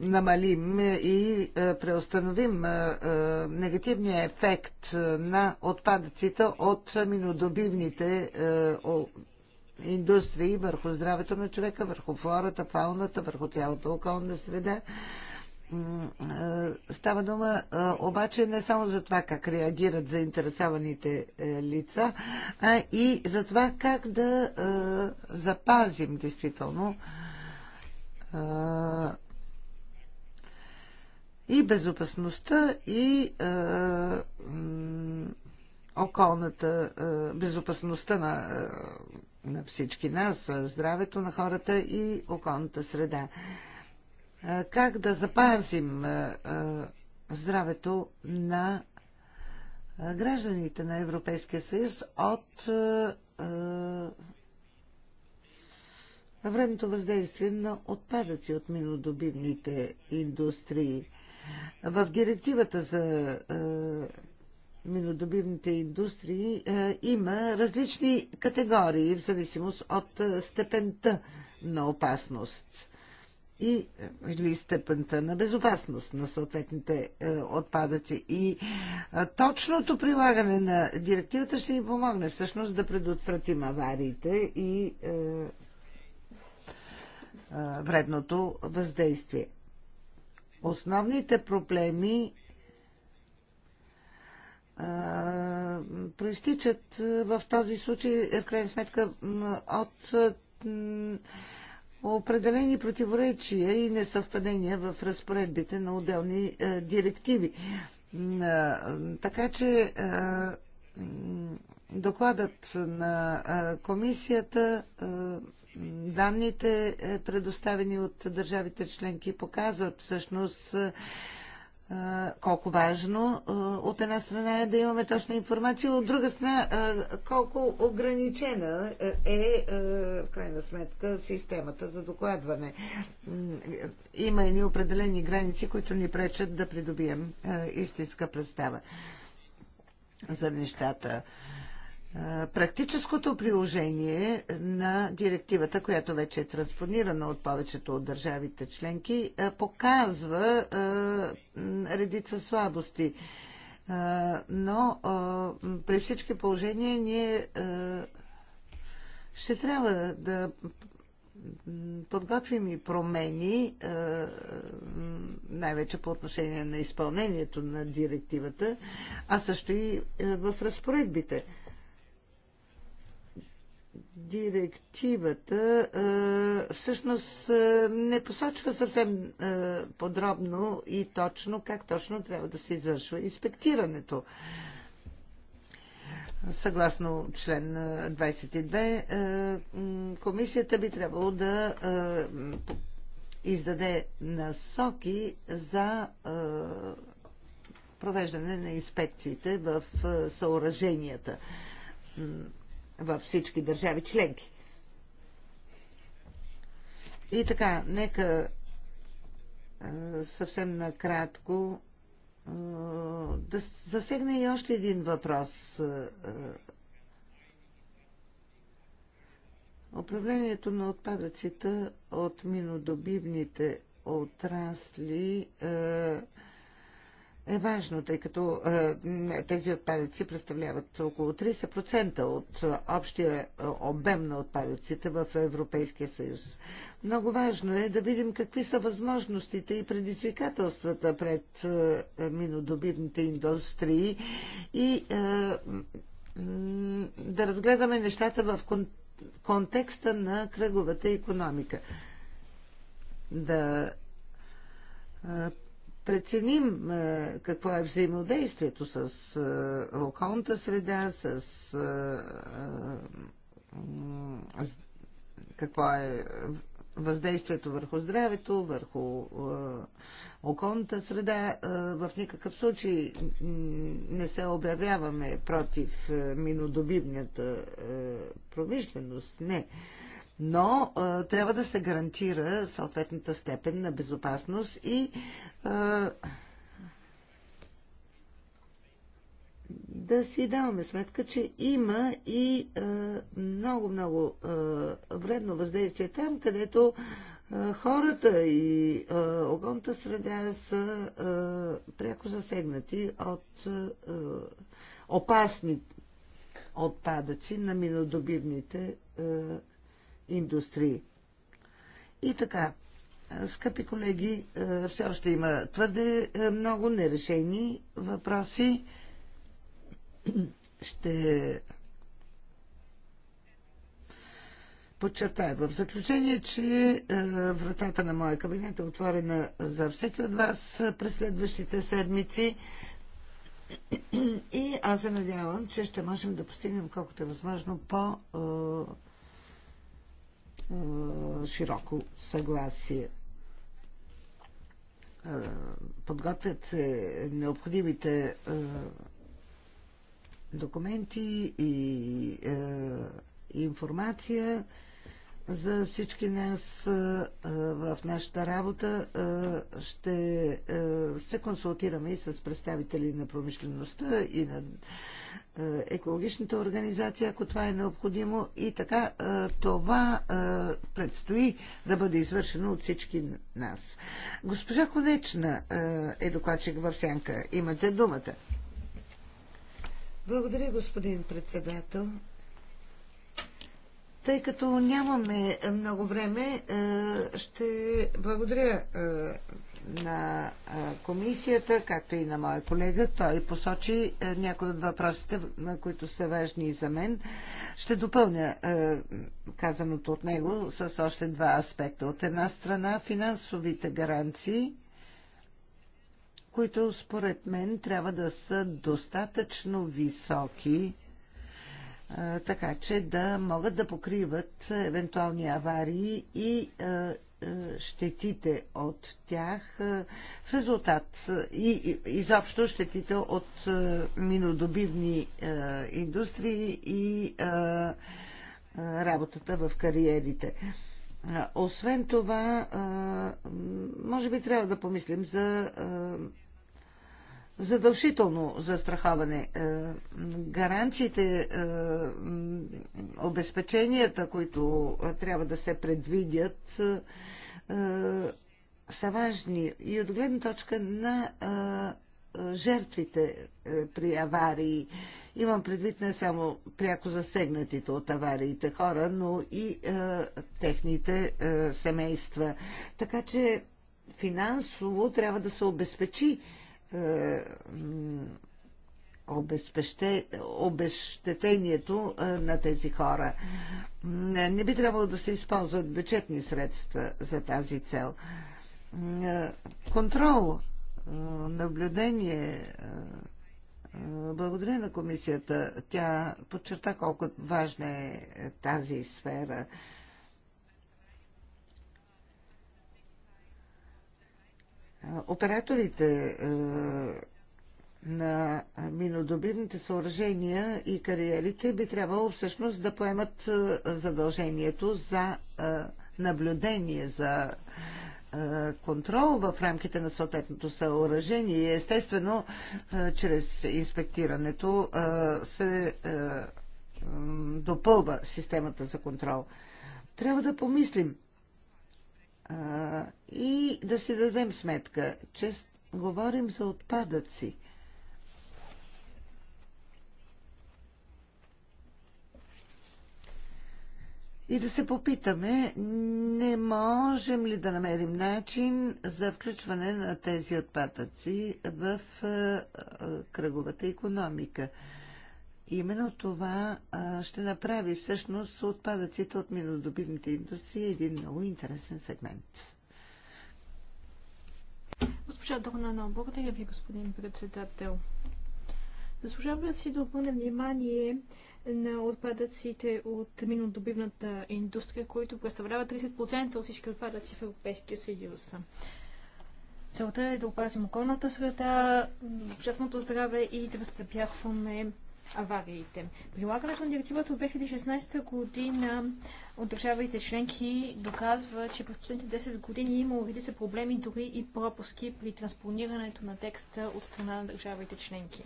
намалим и преустановим негативния ефект на отпадъците от минодобивните индустрии върху здравето на човека, върху флората, фауната, върху цялата околна среда. Става дума обаче не само за това как реагират заинтересованите е, лица, а и за това как да запазим действително и безопасността, и околната безопасността на, на всички нас, здравето на хората и околната среда как да запазим здравето на гражданите на Европейския съюз от времето въздействие на отпадъци от минодобивните индустрии. В директивата за минодобивните индустрии е, има различни категории в зависимост от степента на опасност и или степента на безопасност на съответните е, отпадъци. И е, точното прилагане на директивата ще ни помогне всъщност да предотвратим авариите и е, е, вредното въздействие. Основните проблеми е, проистичат е, в този случай е, в крайна сметка от определени противоречия и несъвпадения в разпоредбите на отделни е, директиви. Е, така че е, докладът на комисията, данните предоставени от държавите членки показват всъщност колко важно от една страна е да имаме точна информация, от друга страна колко ограничена е в крайна сметка системата за докладване. Има и определени граници, които ни пречат да придобием истинска представа за нещата практическото приложение на директивата, която вече е транспонирана от повечето от държавите членки, показва редица слабости. Но при всички положения ние ще трябва да подготвим и промени, най-вече по отношение на изпълнението на директивата, а също и в разпоредбите директивата всъщност не посочва съвсем подробно и точно как точно трябва да се извършва инспектирането. Съгласно член 22, комисията би трябвало да издаде насоки за провеждане на инспекциите в съоръженията във всички държави членки. И така, нека съвсем накратко да засегна и още един въпрос. Управлението на отпадъците от минодобивните отрасли е, е важно, тъй като е, тези отпадъци представляват около 30% от е, общия е, обем на отпадъците в Европейския съюз. Много важно е да видим какви са възможностите и предизвикателствата пред е, минодобивните индустрии и е, да разгледаме нещата в кон контекста на кръговата економика. Да е, преценим е, какво е взаимодействието с е, околната среда, е, с какво е въздействието върху здравето, върху околната среда. В никакъв случай не се обявяваме против минодобивната промишленост. Не но а, трябва да се гарантира съответната степен на безопасност и а, да си даваме сметка, че има и много-много вредно въздействие там, където а, хората и а, огонта среда са а, пряко засегнати от опасни отпадъци на минодобивните индустрии. И така, скъпи колеги, е, все още има твърде е, много нерешени въпроси. Ще подчертая в заключение, че е, вратата на моя кабинет е отворена за всеки от вас през следващите седмици. И аз се надявам, че ще можем да постигнем колкото е възможно по- широко съгласие. Подготвят се необходимите документи и информация за всички нас в нашата работа. Ще се консултираме и с представители на промишлеността и на екологичната организация, ако това е необходимо. И така, това предстои да бъде извършено от всички нас. Госпожа Конечна е докладчик в Сянка. Имате думата. Благодаря, господин председател. Тъй като нямаме много време, е, ще благодаря е, на е, комисията, както и на моя колега. Той посочи някои от въпросите, които са важни и за мен. Ще допълня казаното от него с още два аспекта. От една страна финансовите гаранции, които според мен трябва да са достатъчно високи така че да могат да покриват евентуални аварии и щетите от тях в резултат и изобщо щетите от минодобивни индустрии и работата в кариерите. Освен това, може би трябва да помислим за задължително застраховане. Е, гаранциите, е, обезпеченията, които трябва да се предвидят, е, са важни и от гледна точка на жертвите при аварии. Имам предвид не само пряко засегнатите от авариите хора, но и е, техните е, семейства. Така че финансово трябва да се обезпечи е, обещетението е, на тези хора. Не би трябвало да се използват бюджетни средства за тази цел. Е, контрол, наблюдение, благодаря на комисията. Тя подчерта колко важна е тази сфера. Операторите на минодобивните съоръжения и кариерите би трябвало всъщност да поемат задължението за наблюдение, за контрол в рамките на съответното съоръжение. естествено, чрез инспектирането се допълва системата за контрол. Трябва да помислим а, и да си дадем сметка, че говорим за отпадъци. И да се попитаме, не можем ли да намерим начин за включване на тези отпадъци в кръговата економика. Именно това ще направи всъщност отпадъците от минодобивните индустрии един много интересен сегмент. Госпожа Дорнано, благодаря ви, господин председател. Заслужава си да обърне внимание на отпадъците от минодобивната индустрия, които представляват 30% от всички отпадъци в Европейския съюз. Целта е да опазим околната среда, частното здраве и да възпрепятстваме авариите. Прилагането на директивата от 2016 година от държавите членки доказва, че през последните 10 години е има редица проблеми, дори и пропуски при транспонирането на текста от страна на държавите членки.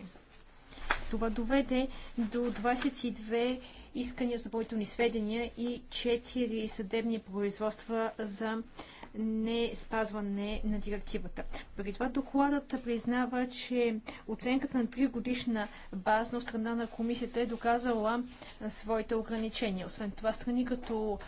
Това доведе до 22 искания за допълнителни сведения и 4 съдебни производства за не спазване на директивата. При това докладът признава, че оценката на 3 годишна база от страна на комисията е доказала своите ограничения. Освен това, страни като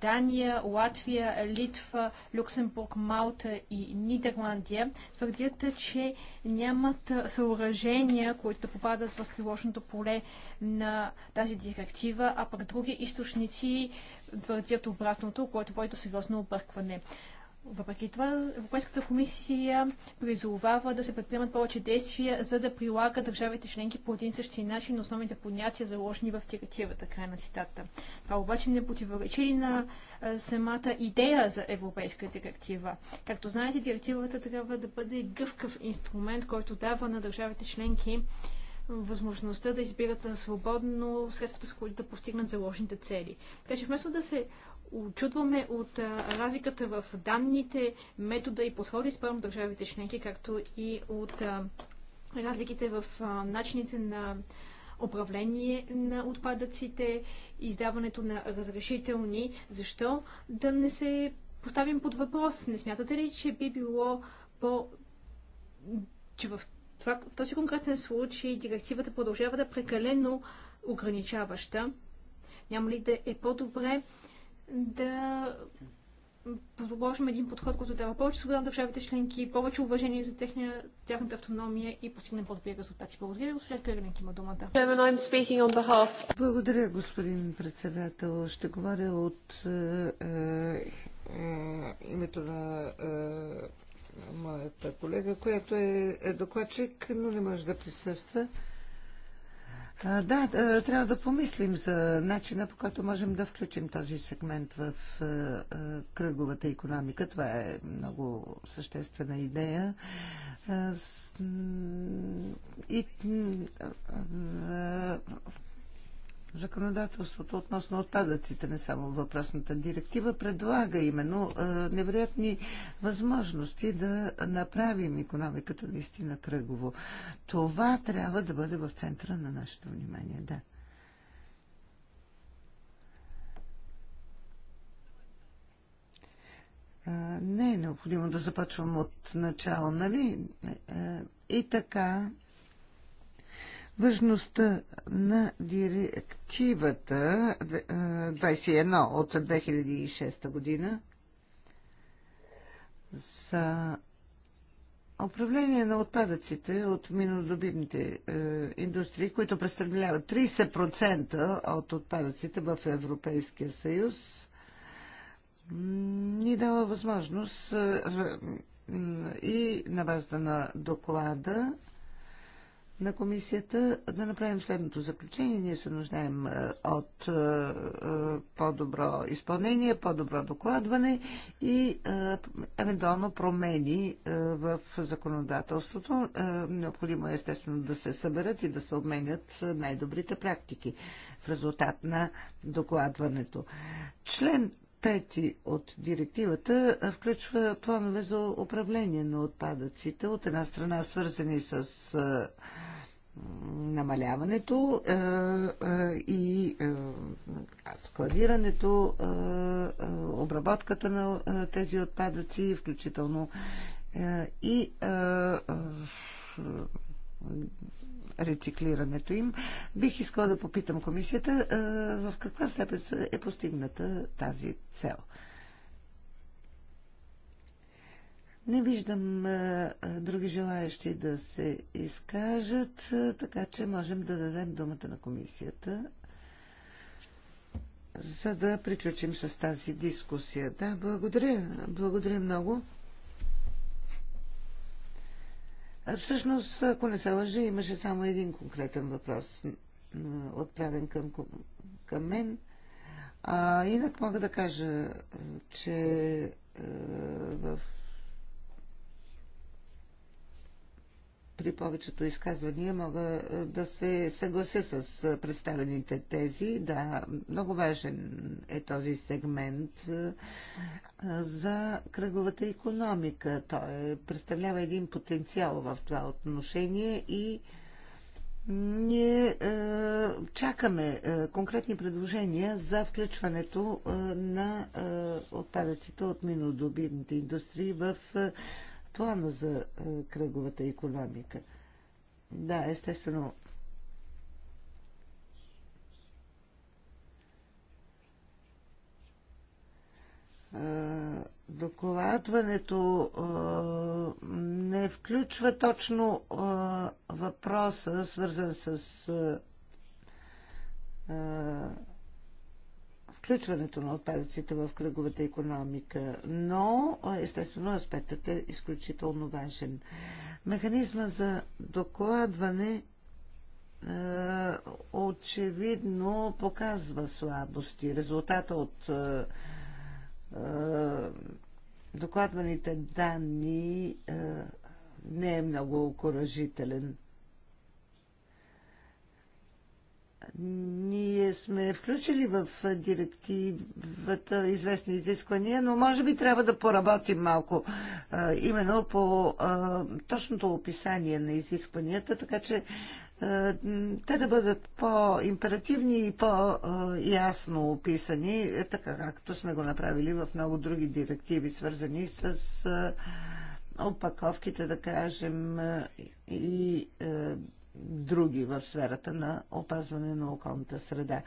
Дания, Латвия, Литва, Люксембург, Малта и Нидерландия твърдят, че нямат съоръжения, които да попадат в приложното поле на тази директива, а пък други източници твърдят обратното, което води до сериозно объркване. Въпреки това, Европейската комисия призовава да се предприемат повече действия, за да прилага държавите членки по един същи начин на основните понятия, заложени в директивата. Край на цитата. Това обаче не противоречи ли на самата идея за Европейска директива? Както знаете, директивата трябва да бъде гъвкав инструмент, който дава на държавите членки възможността да избират свободно средствата, с които да постигнат заложните цели. Така че вместо да се очудваме от разликата в данните, метода и подходи спрямо държавите членки, както и от разликите в начините на управление на отпадъците, издаването на разрешителни. Защо да не се поставим под въпрос? Не смятате ли, че би било по... че в, това, в този конкретен случай директивата продължава да е прекалено ограничаваща? Няма ли да е по-добре да подложим един подход, който дава повече свобода на държавите членки, повече уважение за техния, тяхната автономия и постигнем по-добри резултати. Благодаря ви, госпожа Кърленк има думата. Благодаря, господин председател. Ще говоря от е, е, е, името на е, моята колега, която е, е докладчик, но не може да присъства. Е, да, трябва да помислим за начина по който можем да включим този сегмент в кръговата економика. Това е много съществена идея. И законодателството относно отпадъците, не само въпросната директива, предлага именно невероятни възможности да направим економиката наистина кръгово. Това трябва да бъде в центъра на нашето внимание, да. Не е необходимо да започвам от начало, нали? Е, е, и така, Въжността на директивата 21 от 2006 година за управление на отпадъците от минодобивните е, индустрии, които представляват 30% от отпадъците в Европейския съюз, ни дава възможност е, е, и на базата на доклада на комисията да направим следното заключение. Ние се нуждаем е, от е, е, по-добро изпълнение, по-добро докладване и евентуално промени в законодателството. Необходимо е естествено да се съберат и да се обменят най-добрите практики в резултат на докладването. Член пети от директивата включва планове за управление на отпадъците, от една страна свързани с намаляването е, е, и е, складирането, обработката на тези отпадъци, включително и рециклирането им. Бих искала да попитам комисията в каква степен е постигната тази цел. Не виждам а, други желаящи да се изкажат, а, така че можем да дадем думата на комисията, за да приключим с тази дискусия. Да, благодаря. Благодаря много. Всъщност, ако не се лъжа, имаше само един конкретен въпрос, отправен към, към мен. А, инак мога да кажа, че в при повечето изказвания мога е, да се съглася с е, представените тези. Да, много важен е този сегмент е, за кръговата економика. Той представлява един потенциал в това отношение и ние е, чакаме е, конкретни предложения за включването е, на е, отпадъците от минодобивните индустрии в е, плана за е, кръговата економика. Да, естествено. Е, докладването е, не включва точно въпроса, свързан с включването на отпадъците в кръговата економика, но естествено аспектът е изключително важен. Механизма за докладване е, очевидно показва слабости. Резултата от е, е, докладваните данни не е много окоръжителен. Ние сме включили в директивата известни изисквания, но може би трябва да поработим малко а, именно по а, точното описание на изискванията, така че а, те да бъдат по-императивни и по-ясно описани, е така както сме го направили в много други директиви, свързани с а, опаковките, да кажем, и. А, други в сферата на опазване на околната среда.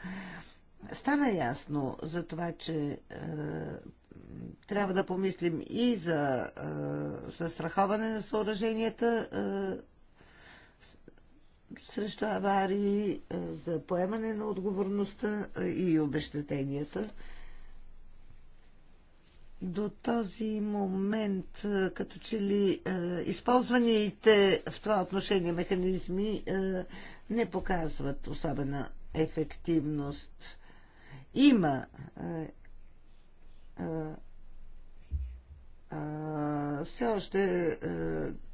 Стана ясно за това, че е, трябва да помислим и за е, застраховане на съоръженията е, срещу аварии, е, за поемане на отговорността е, и обещетенията. Е, до този момент, е, като че ли е, използваните в това отношение механизми е, не показват особена ефективност. Има е, е, е все още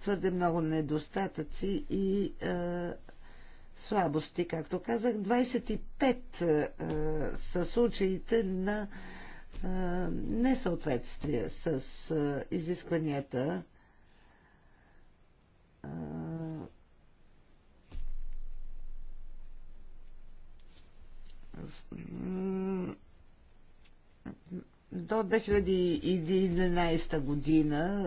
твърде много недостатъци и слабости, както казах. 25 са случаите на несъответствие с изискванията до 2011 година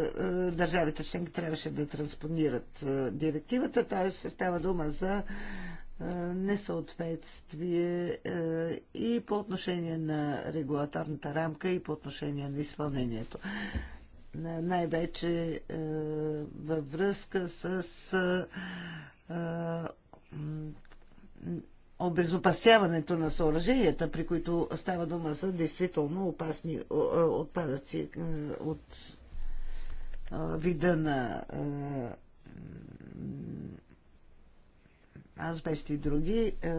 държавите членки трябваше да транспонират директивата, т.е. става дума за е, несъответствие е, и по отношение на регулаторната рамка и по отношение на изпълнението. Най-вече е, във връзка с обезопасяването на съоръженията, при които става дума за действително опасни отпадъци от вида на азбест и други. Е,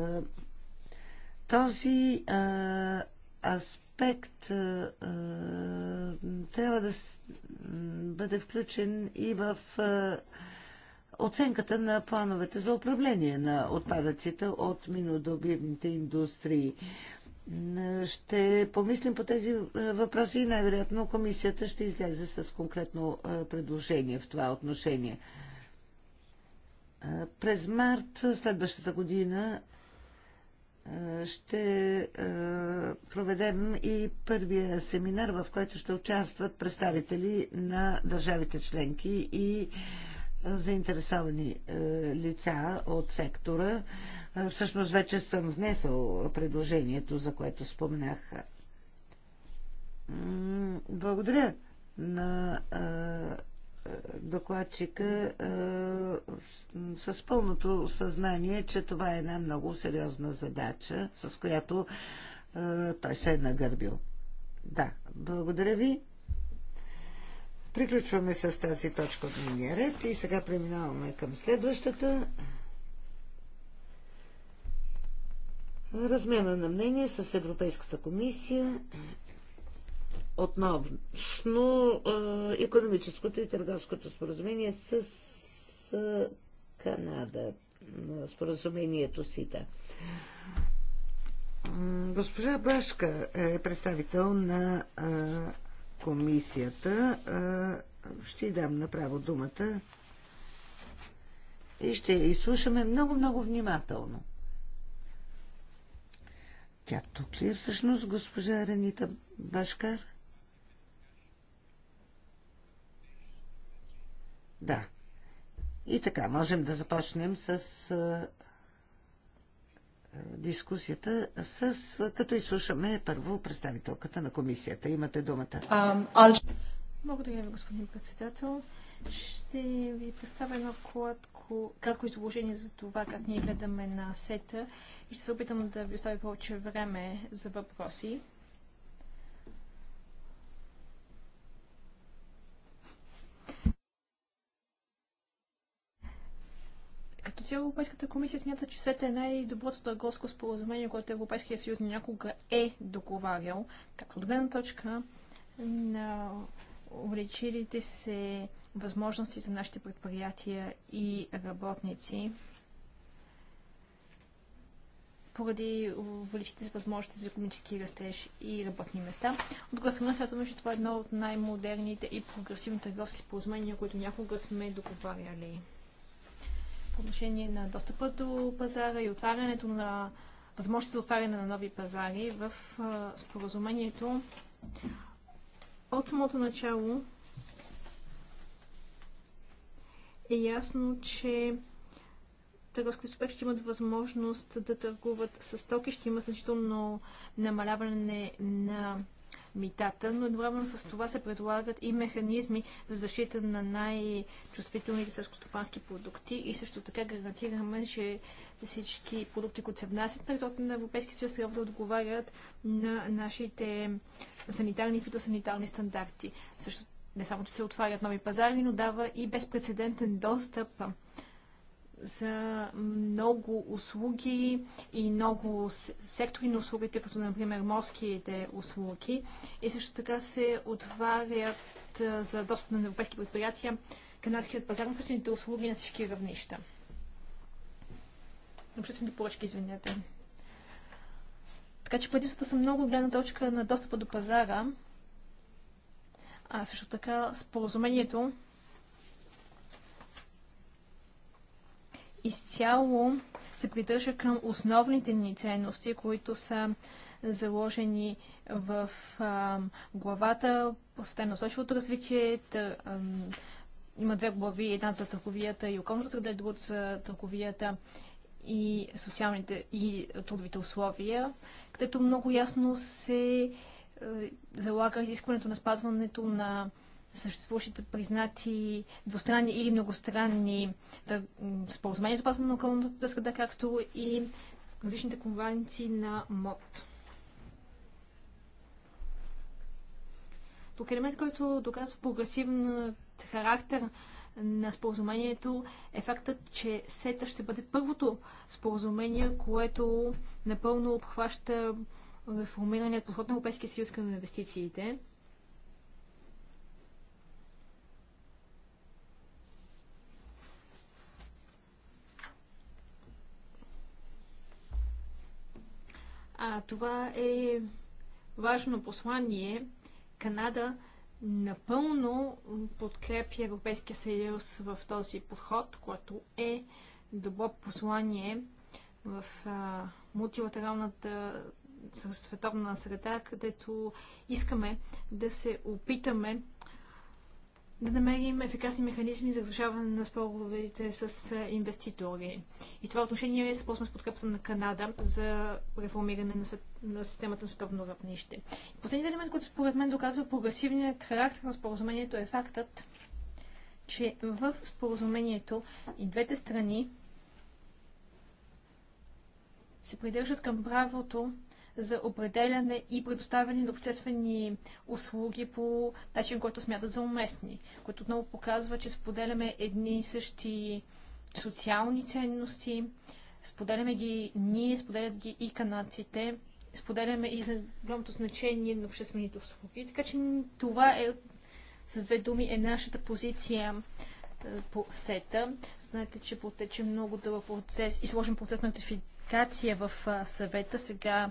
този е, аспект е, трябва да бъде включен и в оценката на плановете за управление на отпадъците от минодобивните индустрии. Ще помислим по тези въпроси и най-вероятно комисията ще излезе с конкретно предложение в това отношение. През март следващата година ще проведем и първия семинар, в който ще участват представители на държавите членки и заинтересовани лица от сектора. Всъщност вече съм внесъл предложението, за което споменах. Благодаря на докладчика с пълното съзнание, че това е една много сериозна задача, с която той се е нагърбил. Да, благодаря ви. Приключваме с тази точка от дневния ред и сега преминаваме към следващата. Размяна на мнение с Европейската комисия относно економическото и търговското споразумение с Канада, споразумението СИТА. Госпожа Башка е представител на комисията. Ще й дам направо думата и ще я изслушаме много-много внимателно. Тя тук ли е всъщност госпожа Ранита Башкар? Да. И така, можем да започнем с а, дискусията, с, като изслушаме първо представителката на комисията. Имате думата. А, ал... Благодаря ви, господин председател. Ще ви представя едно кратко, кратко изложение за това как ние гледаме на сета и ще се опитам да ви оставя повече време за въпроси. цяло Европейската комисия смята, че СЕТ е най-доброто търговско споразумение, което Европейския съюз някога е договарял, както от гледна точка на увеличилите се възможности за нашите предприятия и работници, поради увеличите възможности за економически растеж и работни места. От друга страна смятаме, че това е едно от най-модерните и прогресивни търговски споразумения, които някога сме договаряли по отношение на достъпа до пазара и отварянето на възможност за отваряне на нови пазари в споразумението. От самото начало е ясно, че търговските субекти ще имат възможност да търгуват с токи, ще има значително намаляване на митата, но едновременно с това се предлагат и механизми за защита на най-чувствителните сърскостопански продукти и също така гарантираме, че всички продукти, които се внасят на територията на Европейския съюз, трябва да отговарят на нашите санитарни и фитосанитарни стандарти. Също не само, че се отварят нови пазари, но дава и безпредседентен достъп за много услуги и много сектори на услугите, като например морските услуги. И също така се отварят за достъп на европейски предприятия канадският пазар на обществените услуги на всички равнища. На обществените поръчки, извинете. Така че предимствата са много гледна точка на достъпа до пазара, а също така споразумението изцяло се придържа към основните ни ценности, които са заложени в а, главата, постоянно устойчивото развитие, тър, а, има две глави, една за търговията и околната среда, друга за търговията и социалните и трудовите условия, където много ясно се залага изискването на спазването на съществуващите признати двустранни или многостранни да, споразумения за опазване на околната среда, както и различните конвенции на МОД. Тук елемент, който доказва прогресивният характер на споразумението е фактът, че СЕТА ще бъде първото споразумение, което напълно обхваща реформираният подход на Европейския съюз към инвестициите. А това е важно послание. Канада напълно подкрепи Европейския съюз в този подход, което е добро послание в а, мултилатералната световна среда, където искаме да се опитаме да намерим ефикасни механизми за разрешаване на споровете с инвеститори. И това отношение се ползваме с подкрепата на Канада за реформиране на, свет... на системата на световно равнище. Последният елемент, който според мен доказва прогресивният характер на споразумението е фактът, че в споразумението и двете страни се придържат към правото за определяне и предоставяне на обществени услуги по начин, който смятат за уместни, което отново показва, че споделяме едни и същи социални ценности, споделяме ги ние, споделят ги и канадците, споделяме и голямото значение на обществените услуги. Така че това е, с две думи, е нашата позиция е, по сета. Знаете, че потече много дълъг процес и сложен процес на ратификация в съвета. Сега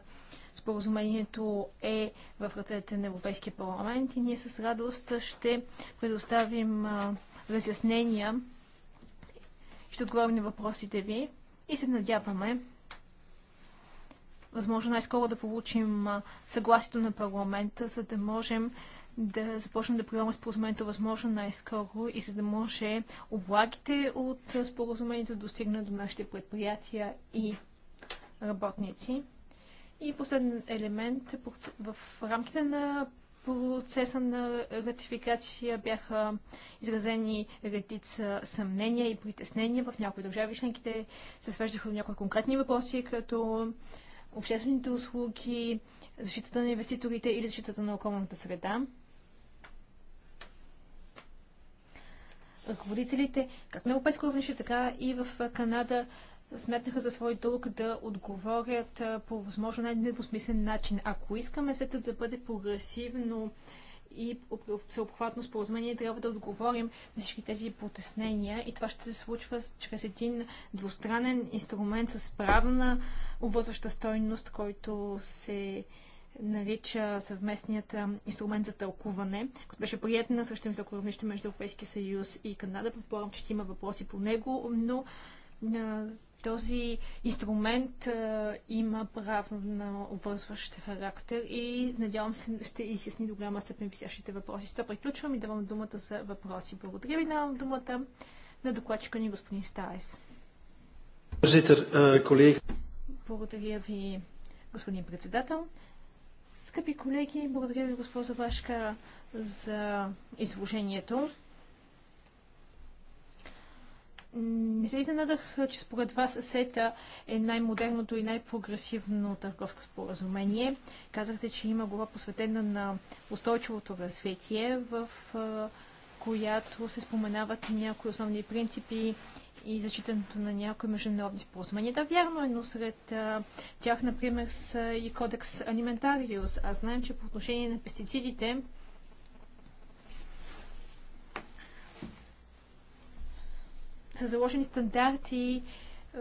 споразумението е в ръцете на Европейския парламент и ние с радост ще предоставим разяснения, ще отговорим на въпросите ви и се надяваме възможно най-скоро да получим съгласието на парламента, за да можем да започнем да приемаме споразумението възможно най-скоро и за да може облагите от споразумението да достигнат до нашите предприятия и работници. И последен елемент в рамките на процеса на ратификация бяха изразени редица съмнения и притеснения. В някои държави членките се свеждаха до някои конкретни въпроси, като обществените услуги, защитата на инвеститорите или защитата на околната среда. Ръководителите, как на европейско равнище, така и в Канада, сметнаха за свой дълг да отговорят по възможно най-недвусмислен начин. Ако искаме сета да бъде прогресивно и всеобхватно споразумение, трябва да отговорим на всички тези потеснения и това ще се случва чрез един двустранен инструмент с правна обвързваща стойност, който се нарича съвместният инструмент за тълкуване, който беше прият на срещу високо между Европейския съюз и Канада. Предполагам, че ще има въпроси по него, но на този инструмент а, има правно обвързващ характер и надявам се ще изясни до голяма степен висящите въпроси. С това приключвам и давам думата за въпроси. Благодаря ви, давам думата на докладчика ни господин Старес. Благодаря ви, господин председател. Скъпи колеги, благодаря ви, госпожа Вашка, за изложението. Не се изненадах, че според вас СЕТА е най-модерното и най-прогресивно търговско споразумение. Казахте, че има глава посветена на устойчивото развитие, в която се споменават някои основни принципи и зачитането на някои международни споразумения. Да, вярно е, но сред а, тях, например, са и кодекс Алиментариус. Аз знаем, че по отношение на пестицидите са заложени стандарти, е,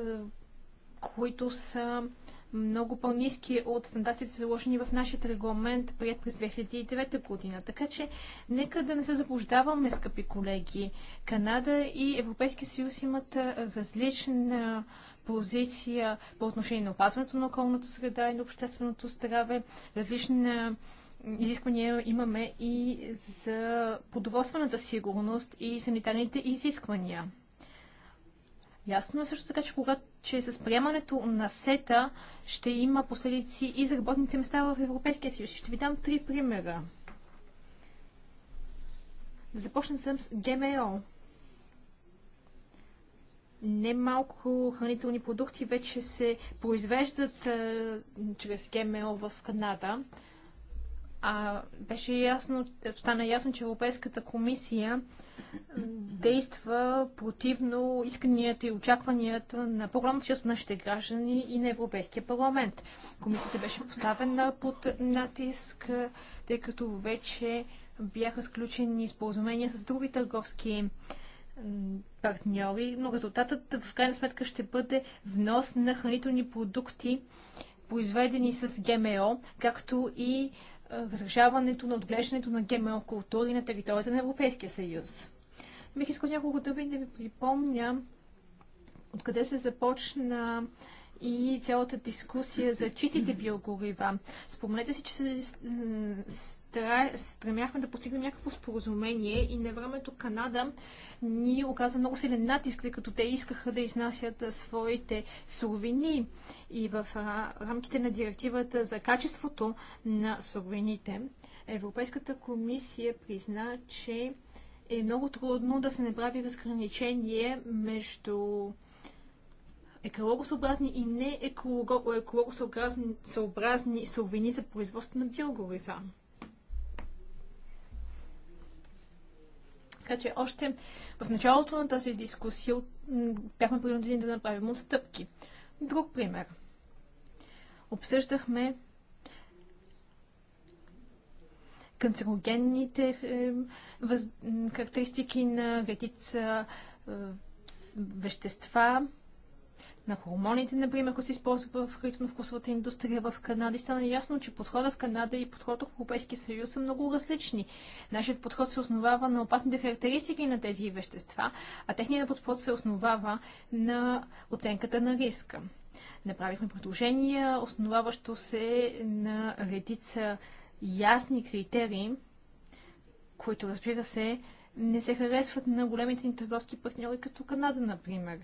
които са много по-низки от стандартите, заложени в нашия регламент, прият през 2009 година. Така че, нека да не се заблуждаваме, скъпи колеги. Канада и Европейския съюз имат е, различна е, позиция по отношение на опазването на околната среда и на общественото здраве, различна изисквания имаме и за продоволствената сигурност и санитарните изисквания. Ясно е също така, че, когато, че с приемането на сета ще има последици и за работните места в Европейския съюз. Ще ви дам три примера. Да започна с ГМО. Немалко хранителни продукти вече се произвеждат а, чрез ГМО в Канада а, беше ясно, стана ясно, че Европейската комисия действа противно исканията и очакванията на по-голямата част от нашите граждани и на Европейския парламент. Комисията беше поставена под натиск, тъй като вече бяха сключени споразумения с други търговски партньори, но резултатът в крайна сметка ще бъде внос на хранителни продукти, произведени с ГМО, както и разрешаването на отглеждането на ГМО култури на територията на Европейския съюз. Бих искал няколко думи да ви припомня откъде се започна и цялата дискусия за чистите биогорива. Спомнете си, че се стремяхме да постигнем някакво споразумение и на времето Канада ни оказа много силен натиск, тъй като те искаха да изнасят своите суровини и в рамките на директивата за качеството на суровините. Европейската комисия призна, че е много трудно да се направи разграничение между екологосъобразни и не екологосъобразни сувени за производство на биогорива. Така че още в началото на тази дискусия бяхме принудени да направим отстъпки. Друг пример. Обсъждахме канцерогенните е, характеристики на редица е, вещества, на хормоните, например, които се използва в хранително-вкусовата индустрия в Канада. И стана ясно, че подхода в Канада и подхода в Европейския съюз са много различни. Нашият подход се основава на опасните характеристики на тези вещества, а техният подход се основава на оценката на риска. Направихме предложения, основаващо се на редица ясни критерии, които, разбира се, не се харесват на големите ни търговски партньори, като Канада, например.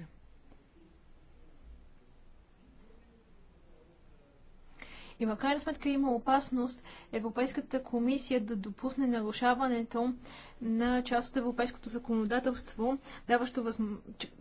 И в крайна сметка има опасност Европейската комисия да допусне нарушаването на част от европейското законодателство, даващо възм...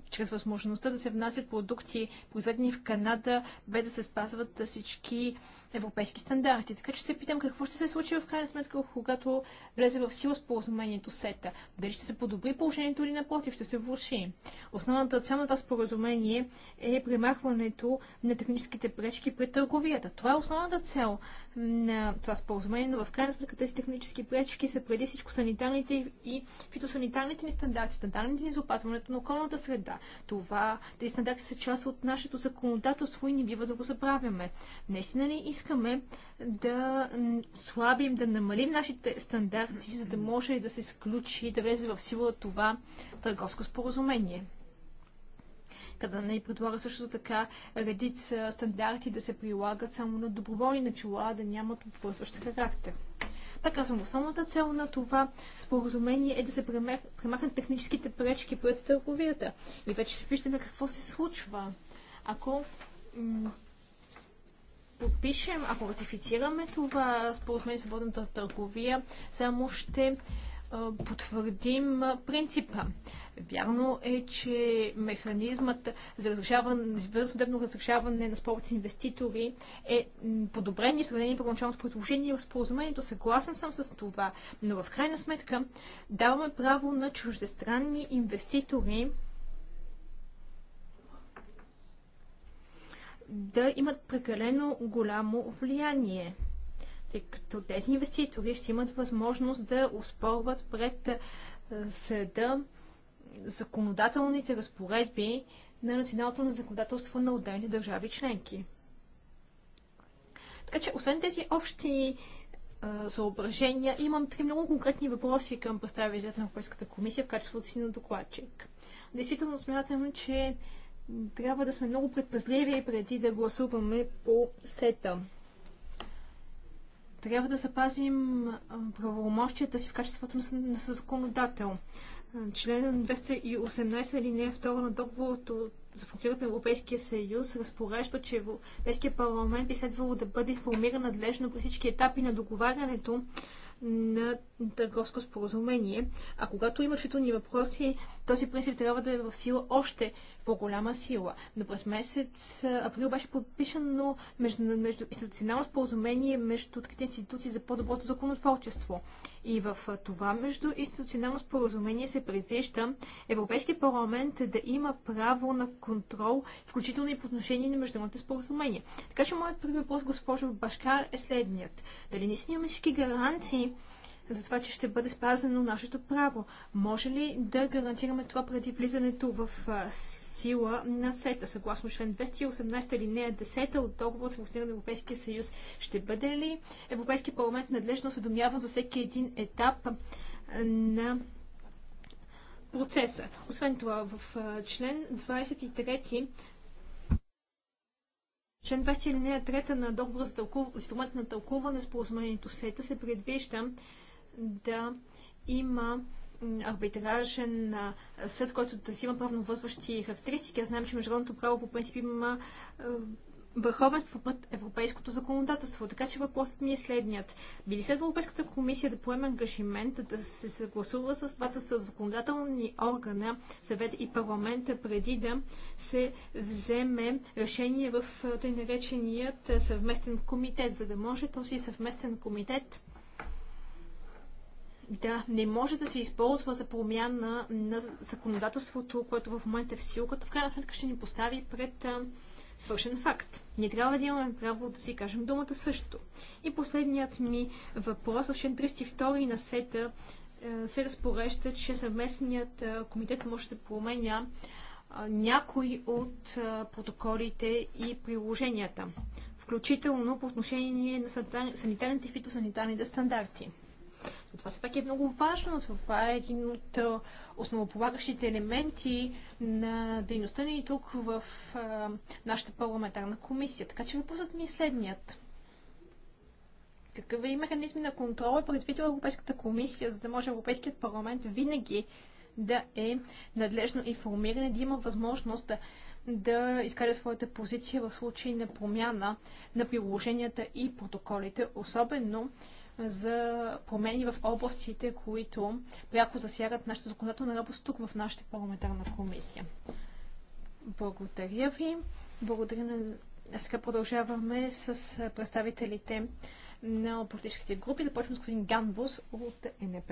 чрез възможността да се внасят продукти, произведени в Канада, без да се спазват всички европейски стандарти. Така че се питам какво ще се случи в крайна сметка, когато влезе в сила споразумението СЕТА. Дали ще се подобри положението или напротив, ще се влуши. Основната цел на това споразумение е примахването на техническите пречки при търговията. Това е основната цел на това споразумение, но в крайна сметка тези технически пречки са преди всичко санитарните и фитосанитарните ни стандарти, стандартите ни за опазването на околната среда. Това, тези стандарти са част от нашето законодателство и не бива да го забравяме. Наистина ли искаме да слабим, да намалим нашите стандарти, за да може да се сключи и да влезе в сила това търговско споразумение? Кадана и предлага също така редица стандарти да се прилагат само на доброволни начала, да нямат обвързващ характер. Така съм основната цел на това споразумение е да се премахнат техническите пречки пред търговията. И вече се виждаме какво се случва. Ако подпишем, ако ратифицираме това споразумение за свободната търговия, само ще потвърдим принципа. Вярно е, че механизмът за разрешаване, разрешаване на спор с инвеститори е подобрен и в сравнение с първоначалното предложение в споразумението. Съгласен съм с това, но в крайна сметка даваме право на чуждестранни инвеститори да имат прекалено голямо влияние тъй като тези инвеститори ще имат възможност да успорват пред съда законодателните разпоредби на националното законодателство на отделни държави членки. Така че, освен тези общи съображения, имам три много конкретни въпроси към представителят на Европейската комисия в качеството си на докладчик. Действително смятам, че трябва да сме много предпазливи преди да гласуваме по сета трябва да запазим правомощията си в качеството на законодател. Член 218 линия 2 на договор за функционирането на Европейския съюз разпорежда, че Европейския парламент би следвало да бъде информиран надлежно при всички етапи на договарянето на търговско споразумение. А когато има чувствителни въпроси, този принцип трябва да е в сила още по-голяма сила. Но през месец април беше подписано между, между институционално споразумение между трите институции за по-доброто законотворчество. И в това между институционално споразумение се предвижда Европейския парламент да има право на контрол, включително и по отношение на международните споразумения. Така че моят първи въпрос, госпожо Башкар, е следният. Дали наистина имаме всички гаранции, за това, че ще бъде спазено нашето право. Може ли да гарантираме това преди влизането в сила на СЕТА, съгласно член 218 алинея 10 от договор с функциониране на Европейския съюз? Ще бъде ли Европейския парламент надлежно осведомяван за всеки един етап на процеса? Освен това, в член 23 Член 20 алинея 3 на договора за, тълкув... за инструмент на тълкуване споразумението СЕТА се предвижда, да има арбитражен съд, който да си има правновъзващи възващи характеристики. Аз знам, че международното право по принцип има върховенство пред европейското законодателство. Така че въпросът ми е следният. Би ли след Европейската комисия да поеме ангажимент да се съгласува с двата с законодателни органа, съвет и парламента, преди да се вземе решение в тъй нареченият съвместен комитет, за да може този съвместен комитет да не може да се използва за промяна на законодателството, което в момента е в сила, като в крайна сметка ще ни постави пред а, свършен факт. Ние трябва да имаме право да си кажем думата също. И последният ми въпрос, в член 32 на сета е, се разпорежда, че съвместният е, комитет може да променя е, някои от протоколите и приложенията, включително по отношение на санитарните и фитосанитарните стандарти. Но това все пак е много важно. Това е един от основополагащите елементи на дейността ни тук в а, нашата парламентарна комисия. Така че въпросът ми е следният. Какъв е механизми на контрол е предвидила Европейската комисия, за да може Европейският парламент винаги да е надлежно информиран и да има възможност да, да изкаже своята позиция в случай на промяна на приложенията и протоколите, особено за промени в областите, които пряко засягат нашата законодателна работа тук в нашата парламентарна комисия. Благодаря ви. Благодаря на... А сега продължаваме с представителите на политическите групи. Започваме с господин Ганбус от НП.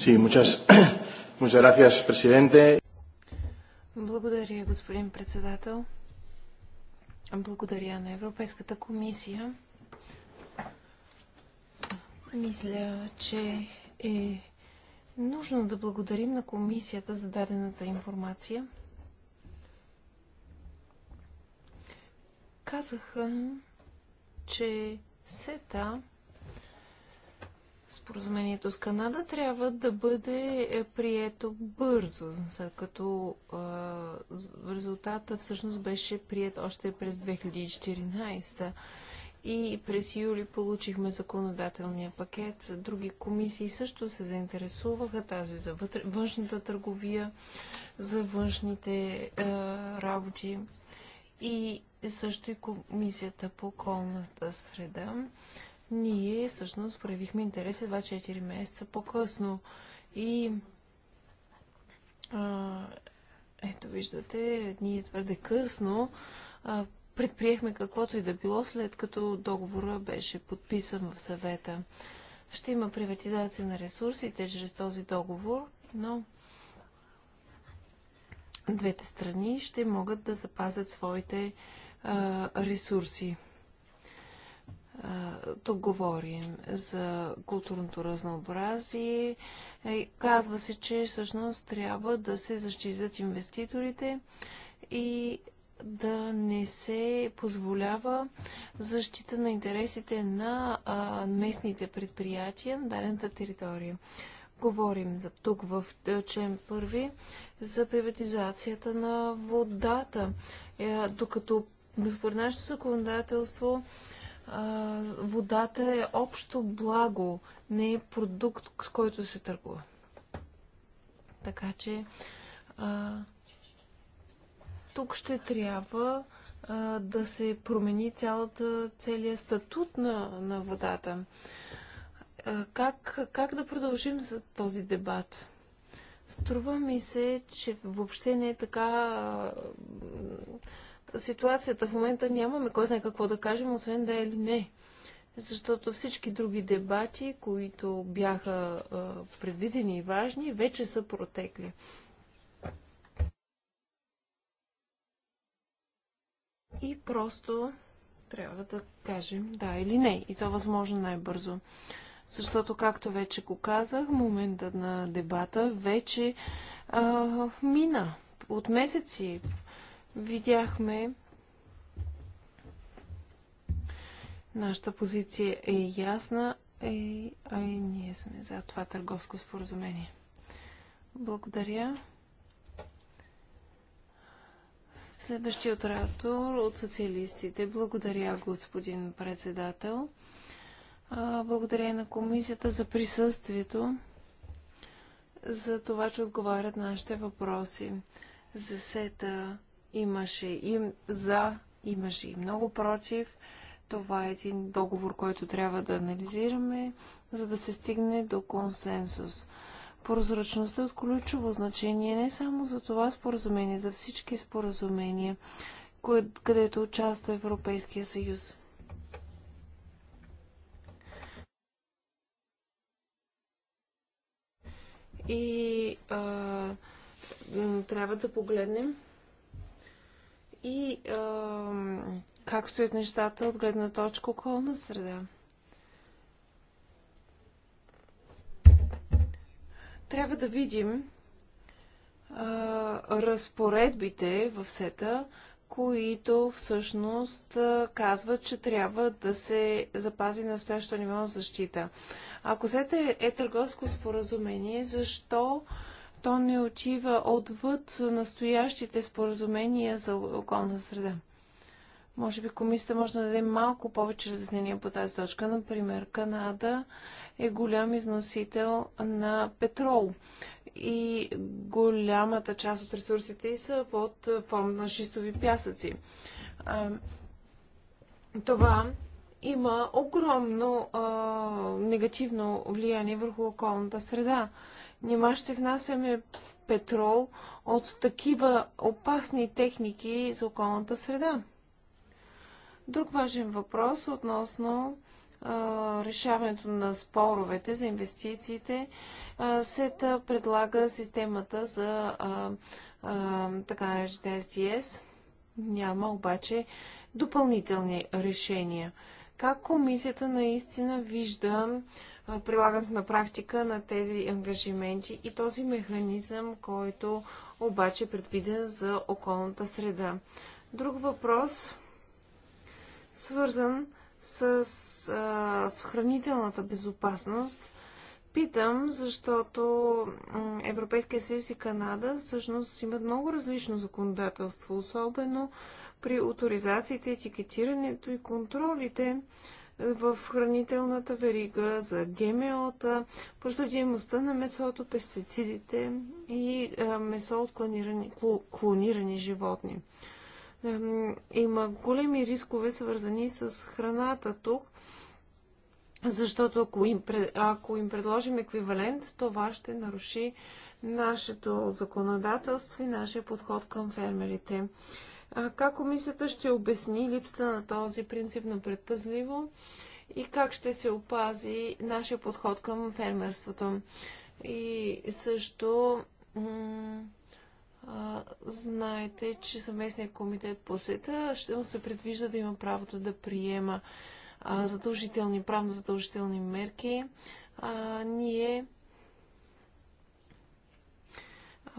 Sí, muchas, muchas gracias, presidente. Благодаря, господин председател. Благодаря на Европейската комисия мисля, че е нужно да благодарим на комисията за дадената информация. Казаха, че СЕТА споразумението с Канада трябва да бъде прието бързо, след като резултата всъщност беше прият още през 2014 и през юли получихме законодателния пакет. Други комисии също се заинтересуваха, тази за вътре, външната търговия, за външните е, работи и също и комисията по околната среда. Ние всъщност проявихме интерес едва 4 месеца по-късно и е, ето виждате, ние твърде късно предприехме каквото и да било, след като договора беше подписан в съвета. Ще има приватизация на ресурсите чрез този договор, но двете страни ще могат да запазят своите а, ресурси. А, тук говорим за културното разнообразие. Е, казва се, че всъщност трябва да се защитят инвеститорите и да не се позволява защита на интересите на а, местните предприятия на дадената територия. Говорим за тук в е, член първи за приватизацията на водата, е, докато според нашето законодателство а, водата е общо благо, не е продукт, с който се търгува. Така че а, тук ще трябва а, да се промени цялата, целият статут на, на водата. А, как, как да продължим за този дебат? Струва ми се, че въобще не е така. А, ситуацията в момента нямаме кой знае какво да кажем, освен да е или не. Защото всички други дебати, които бяха а, предвидени и важни, вече са протекли. и просто трябва да кажем да или не. И то възможно най-бързо. Защото, както вече го казах, момента на дебата вече а, мина. От месеци видяхме Нашата позиция е ясна, е, е, и ние сме за това търговско споразумение. Благодаря. Следващия оратор от социалистите. Благодаря, господин председател. Благодаря на комисията за присъствието, за това, че отговарят нашите въпроси. За сета имаше и за, имаше и много против. Това е един договор, който трябва да анализираме, за да се стигне до консенсус. Прозрачността е от ключово значение не само за това споразумение, за всички споразумения, където участва Европейския съюз. И а, трябва да погледнем и а, как стоят нещата от гледна точка околна среда. Трябва да видим а, разпоредбите в сета, които всъщност казват, че трябва да се запази настоящото ниво на защита. Ако сета е, е търговско споразумение, защо то не отива отвъд настоящите споразумения за околна среда? Може би комисията може да даде малко повече разяснения по тази точка. Например, Канада е голям износител на петрол и голямата част от ресурсите й са под форма на шистови пясъци. Това има огромно а, негативно влияние върху околната среда. Нима ще внасяме петрол от такива опасни техники за околната среда. Друг важен въпрос относно решаването на споровете за инвестициите, СЕТА предлага системата за така наречените SES. Няма обаче допълнителни решения. Как комисията наистина вижда прилагането на практика на тези ангажименти и този механизъм, който обаче е предвиден за околната среда? Друг въпрос свързан с а, хранителната безопасност. Питам, защото Европейския съюз и Канада всъщност имат много различно законодателство, особено при авторизациите, етикетирането и контролите в хранителната верига за ГМО-та, проследимостта на месото, пестицидите и а, месо от клонирани, клонирани животни. Има големи рискове, свързани с храната тук, защото ако им, ако им предложим еквивалент, това ще наруши нашето законодателство и нашия подход към фермерите. А как комисията ще обясни липсата на този принцип на предпазливо и как ще се опази нашия подход към фермерството? И също знаете, че съвместният комитет по света ще му се предвижда да има правото да приема а, задължителни, правно задължителни мерки. А, ние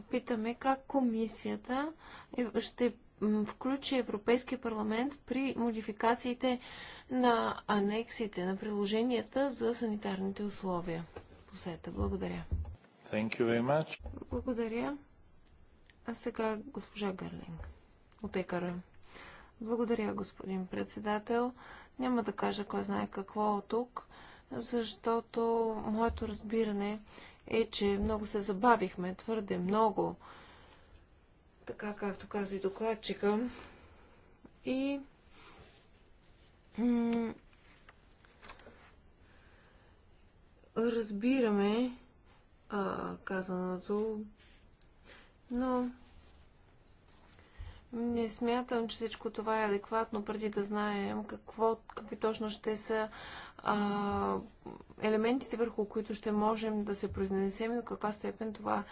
питаме как комисията е, ще включи Европейския парламент при модификациите на анексите, на приложенията за санитарните условия. Посета. Благодаря. Thank you very much. Благодаря. А сега госпожа Гърлинг, от Екара. Благодаря, господин председател. Няма да кажа кой знае какво от тук, защото моето разбиране е, че много се забавихме, твърде много, така както каза и докладчика. И разбираме а, казаното но не смятам, че всичко това е адекватно, преди да знаем какво, какви точно ще са а, елементите, върху които ще можем да се произнесем и до каква степен това е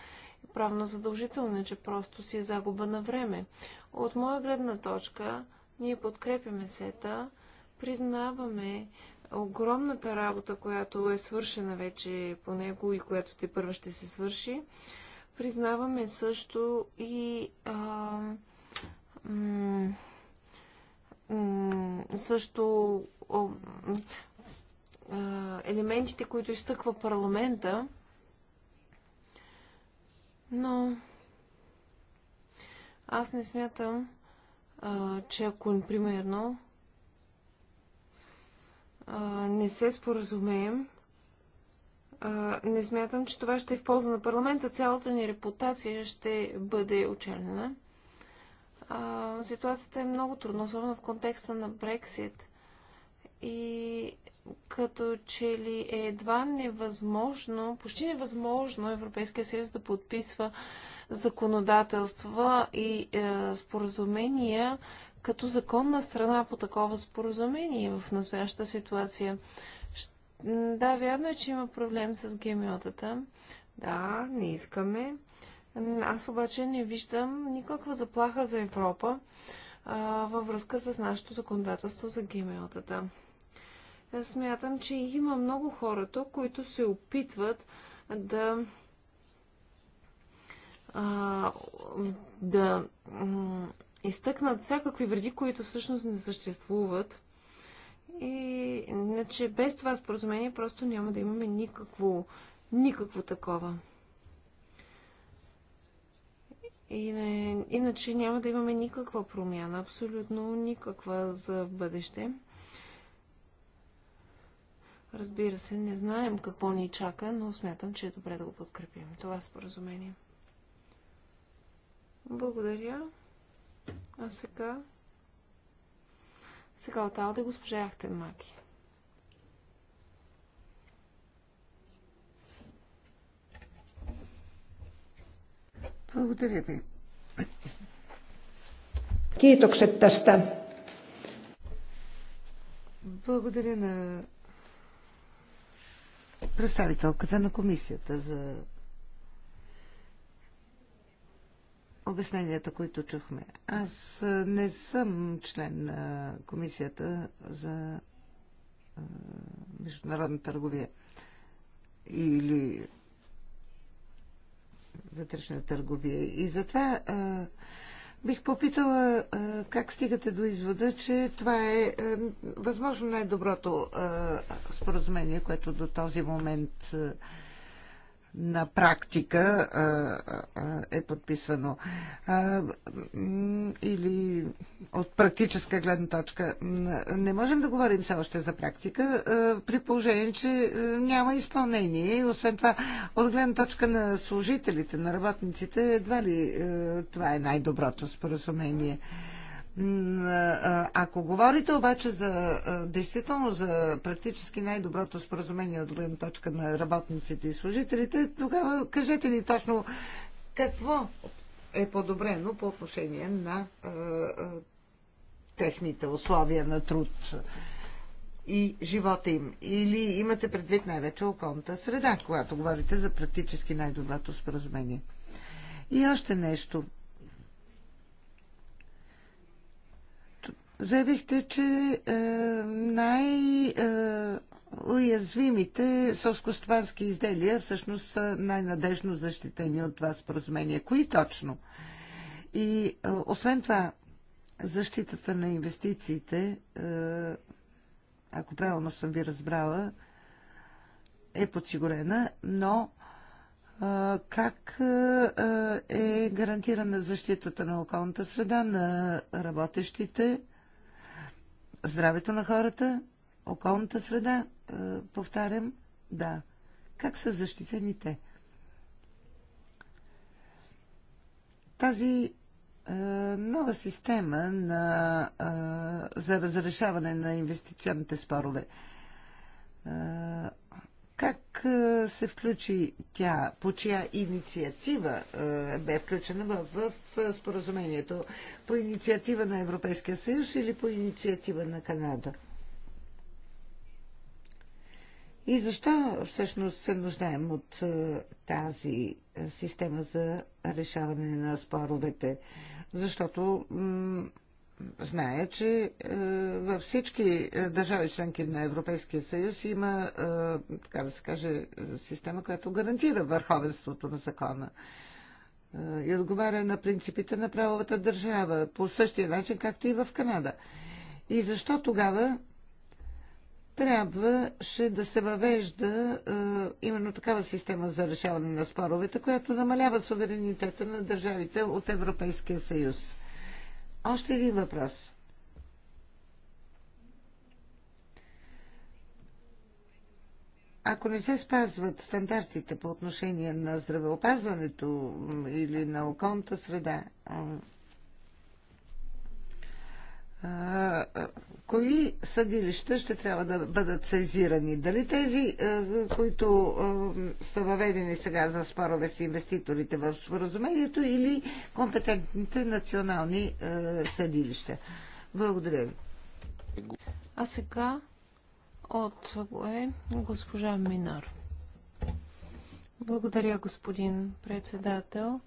правно задължително, че просто си е загуба на време. От моя гледна точка, ние подкрепяме сета, признаваме огромната работа, която е свършена вече по него и която те първа ще се свърши. Признаваме също и а, също елементите, които изтъква парламента, но аз не смятам, че ако, примерно, не се споразумеем, не смятам, че това ще е в полза на парламента. Цялата ни репутация ще бъде очернена. ситуацията е много трудна, особено в контекста на Брексит. И като че ли е едва невъзможно, почти невъзможно Европейския съюз да подписва законодателства и е, споразумения като законна страна по такова споразумение в настоящата ситуация. Да, вярно е, че има проблем с гемиотата. Да, не искаме. Аз обаче не виждам никаква заплаха за Европа а, във връзка с нашето законодателство за гемиотата. Смятам, че има много хората, които се опитват да а, да изтъкнат всякакви вреди, които всъщност не съществуват и иначе без това споразумение просто няма да имаме никакво, никакво такова. И не, иначе няма да имаме никаква промяна, абсолютно никаква за бъдеще. Разбира се, не знаем какво ни чака, но смятам, че е добре да го подкрепим. Това споразумение. Благодаря. А сега сега от Алде госпожа Ахтенмаки. Благодаря ви. Kiitokset tästä. Благодаря на представителката на комисията за обясненията, които чухме. Аз не съм член на комисията за международна търговия или вътрешна търговия. И затова а, бих попитала а, как стигате до извода, че това е а, възможно най-доброто споразумение, което до този момент а, на практика е подписвано. Или от практическа гледна точка. Не можем да говорим все още за практика, при положение, че няма изпълнение. освен това, от гледна точка на служителите, на работниците, едва ли това е най-доброто споразумение. Ако говорите обаче за, действително за практически най-доброто споразумение от гледна точка на работниците и служителите, тогава кажете ни точно какво е подобрено по отношение на техните условия на труд и живота им. Или имате предвид най-вече околната среда, когато говорите за практически най-доброто споразумение. И още нещо – заявихте, че е, най- е, уязвимите сълскостопански изделия всъщност са най-надежно защитени от това споразумение. Кои точно? И е, освен това, защитата на инвестициите, е, ако правилно съм ви разбрала, е подсигурена, но е, как е, е гарантирана защитата на околната среда на работещите здравето на хората, околната среда, е, повтарям, да. Как са защитени те? Тази е, нова система на, е, за разрешаване на инвестиционните спорове как се включи тя, по чия инициатива бе включена в, в споразумението? По инициатива на Европейския съюз или по инициатива на Канада? И защо всъщност се нуждаем от тази система за решаване на споровете? Защото знае, че е, във всички е, държави членки на Европейския съюз има, е, така да се каже, система, която гарантира върховенството на закона и отговаря на принципите на правовата държава, по същия начин, както и в Канада. И защо тогава трябваше да се въвежда е, именно такава система за решаване на споровете, която намалява суверенитета на държавите от Европейския съюз. Още един въпрос. Ако не се спазват стандартите по отношение на здравеопазването или на околната среда, кои съдилища ще трябва да бъдат сезирани? Дали тези, които са въведени сега за спорове с инвеститорите в споразумението или компетентните национални съдилища? Благодаря ви. А сега от е госпожа Минар. Благодаря, господин председател.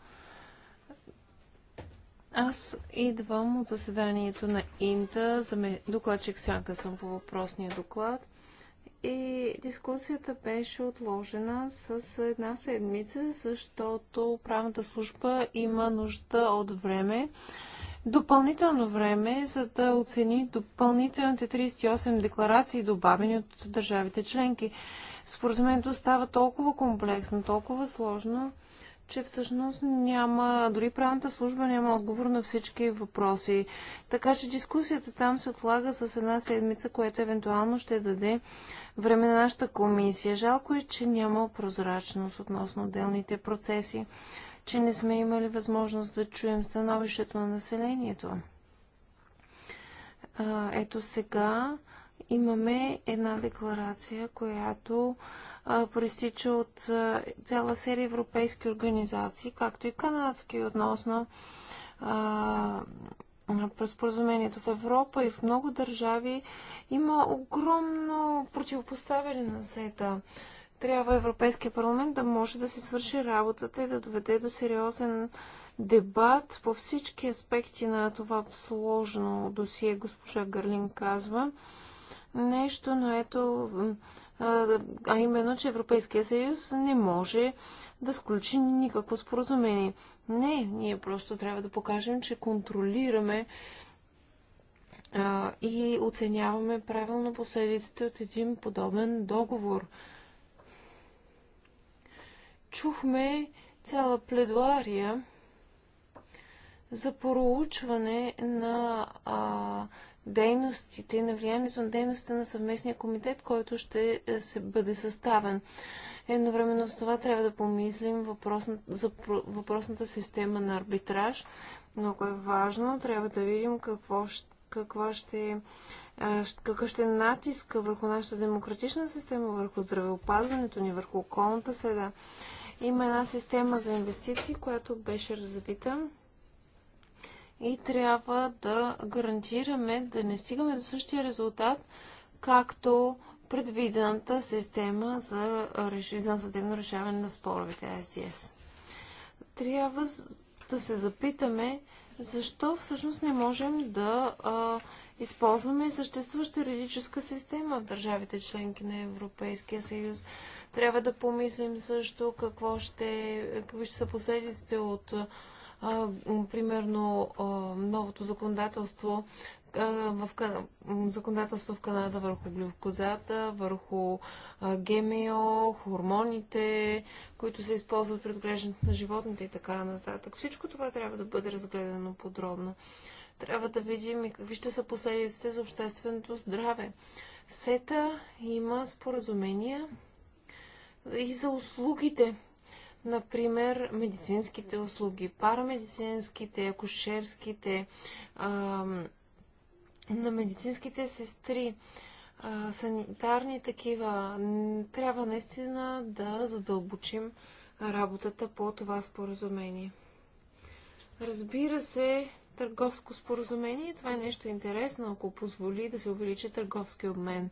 Аз идвам от заседанието на Инта, за докладчик сянка съм по въпросния доклад и дискусията беше отложена с една седмица, защото правната служба има нужда от време, допълнително време, за да оцени допълнителните 38 декларации, добавени от държавите членки. Споразумението става толкова комплексно, толкова сложно, че всъщност няма, дори правната служба няма отговор на всички въпроси. Така че дискусията там се отлага с една седмица, което евентуално ще даде време на нашата комисия. Жалко е, че няма прозрачност относно отделните процеси, че не сме имали възможност да чуем становището на населението. Ето сега имаме една декларация, която проистича от цяла серия европейски организации, както и канадски относно споразумението в Европа и в много държави има огромно противопоставяне на сета. Трябва Европейския парламент да може да се свърши работата и да доведе до сериозен дебат по всички аспекти на това сложно досие, госпожа Гърлин казва. Нещо, но ето а именно, че Европейския съюз не може да сключи никакво споразумение. Не, ние просто трябва да покажем, че контролираме а, и оценяваме правилно последиците от един подобен договор. Чухме цяла пледуария за проучване на а, дейностите, на влиянието на дейността на съвместния комитет, който ще е, се бъде съставен. Едновременно с това трябва да помислим въпросна, за въпросната система на арбитраж. Много е важно. Трябва да видим какво ще, каква ще, е, какъв ще е натиска върху нашата демократична система, върху здравеопазването ни, върху околната среда. Има една система за инвестиции, която беше развита и трябва да гарантираме да не стигаме до същия резултат, както предвидената система за съдебно решаване на споровете ICS. Трябва да се запитаме защо всъщност не можем да а, използваме съществуваща юридическа система в държавите членки на Европейския съюз. Трябва да помислим също какво ще, какви ще са последиците от а, примерно а, новото законодателство в законодателство в Канада върху глюкозата, върху ГМО, хормоните, които се използват при отглеждането на животните и така нататък. Всичко това трябва да бъде разгледано подробно. Трябва да видим и какви ще са последиците за общественото здраве. СЕТА има споразумения и за услугите. Например, медицинските услуги, парамедицинските, акушерските, на медицинските сестри, санитарни такива. Трябва наистина да задълбочим работата по това споразумение. Разбира се, търговско споразумение, това е нещо интересно, ако позволи да се увеличи търговски обмен.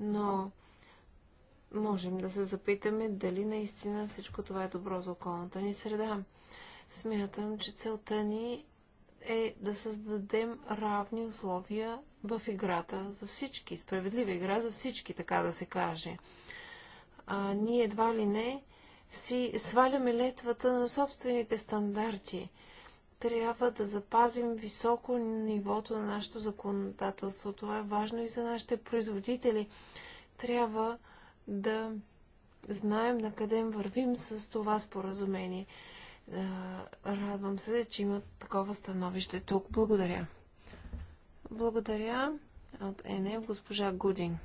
Но можем да се запитаме дали наистина всичко това е добро за околната ни среда. Смятам, че целта ни е да създадем равни условия в играта за всички, справедлива игра за всички, така да се каже. А, ние едва ли не си сваляме летвата на собствените стандарти. Трябва да запазим високо нивото на нашето законодателство. Това е важно и за нашите производители. Трябва да знаем на къде вървим с това споразумение. Радвам се, че има такова становище тук. Благодаря. Благодаря от ЕНЕ госпожа Гудин.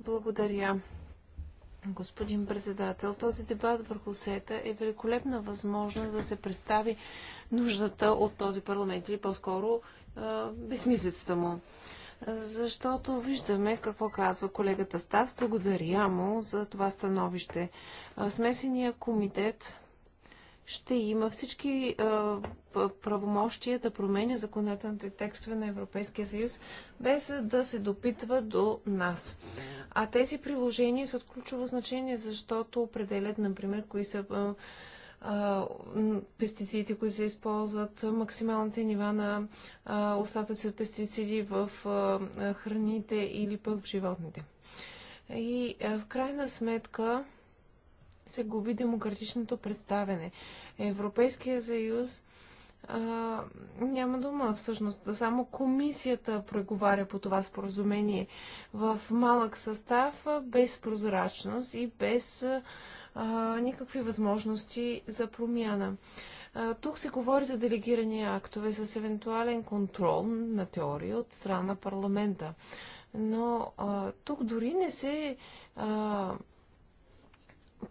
Благодаря. Господин председател, този дебат върху сета е великолепна възможност да се представи нуждата от този парламент или по-скоро безмислицата му защото виждаме какво казва колегата Стас. Благодаря му за това становище. Смесения комитет ще има всички правомощия да променя законодателните текстове на Европейския съюз, без да се допитва до нас. А тези приложения са от ключово значение, защото определят, например, кои са пестицидите, които се използват, максималните нива на остатъци от пестициди в храните или пък в животните. И в крайна сметка се губи демократичното представене. Европейския съюз а, няма дума всъщност. Само комисията преговаря по това споразумение в малък състав, без прозрачност и без никакви възможности за промяна. Тук се говори за делегирани актове с евентуален контрол на теория от страна на парламента. Но а, тук дори не се а,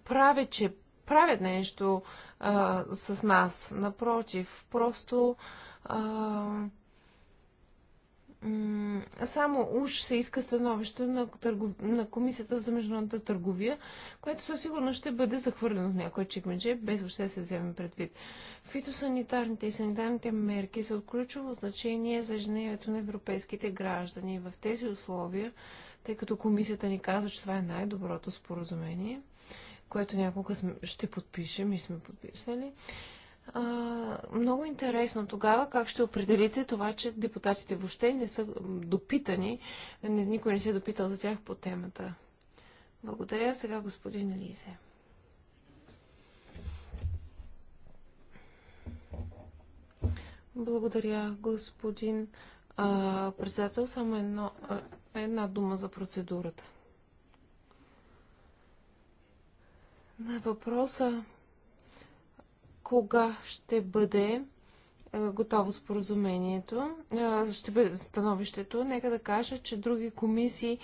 прави, че правят нещо а, с нас. Напротив, просто а, само уж се иска становище на, търгов... на Комисията за международната търговия, което със сигурност ще бъде захвърлено в някой чекмедже, без въобще да се вземе предвид. Фитосанитарните и санитарните мерки са от ключово значение за ежедневието на европейските граждани. В тези условия, тъй като Комисията ни казва, че това е най-доброто споразумение, което някога сме... ще подпишем и сме подписвали, а, много интересно тогава как ще определите това, че депутатите въобще не са допитани, не, никой не се е допитал за тях по темата. Благодаря. Сега господин Лизе. Благодаря, господин а, председател. Само едно, а, една дума за процедурата. На въпроса кога ще бъде е, готово споразумението, е, ще бъде становището, нека да кажа, че други комисии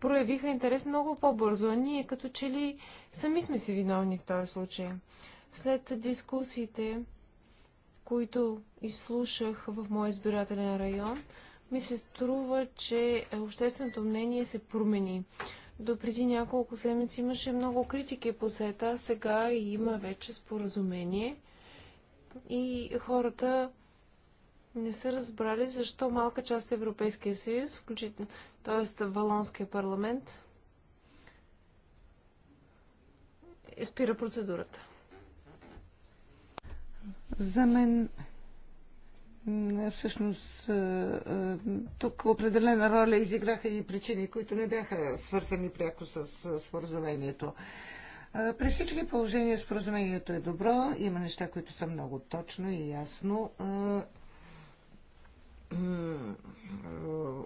проявиха интерес много по-бързо, а ние като че ли сами сме си виновни в този случай. След дискусиите, които изслушах в моя избирателен район, ми се струва, че общественото мнение се промени. До преди няколко седмици имаше много критики по сета, сега има вече споразумение – и хората не са разбрали защо малка част от Европейския съюз, включително, т.е. Валонския парламент, спира процедурата. За мен всъщност тук определена роля изиграха и причини, които не бяха свързани пряко с споразумението. При всички положения споразумението е добро. Има неща, които са много точно и ясно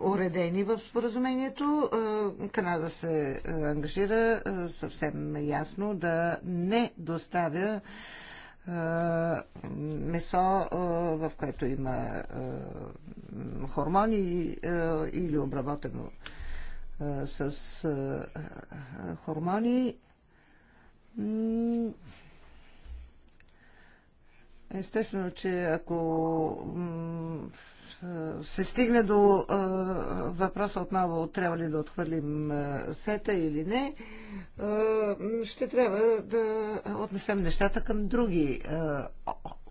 уредени в споразумението. Канада се ангажира съвсем ясно да не доставя месо, в което има хормони или обработено с хормони Естествено, че ако се стигне до въпроса отново, трябва ли да отхвърлим сета или не, ще трябва да отнесем нещата към други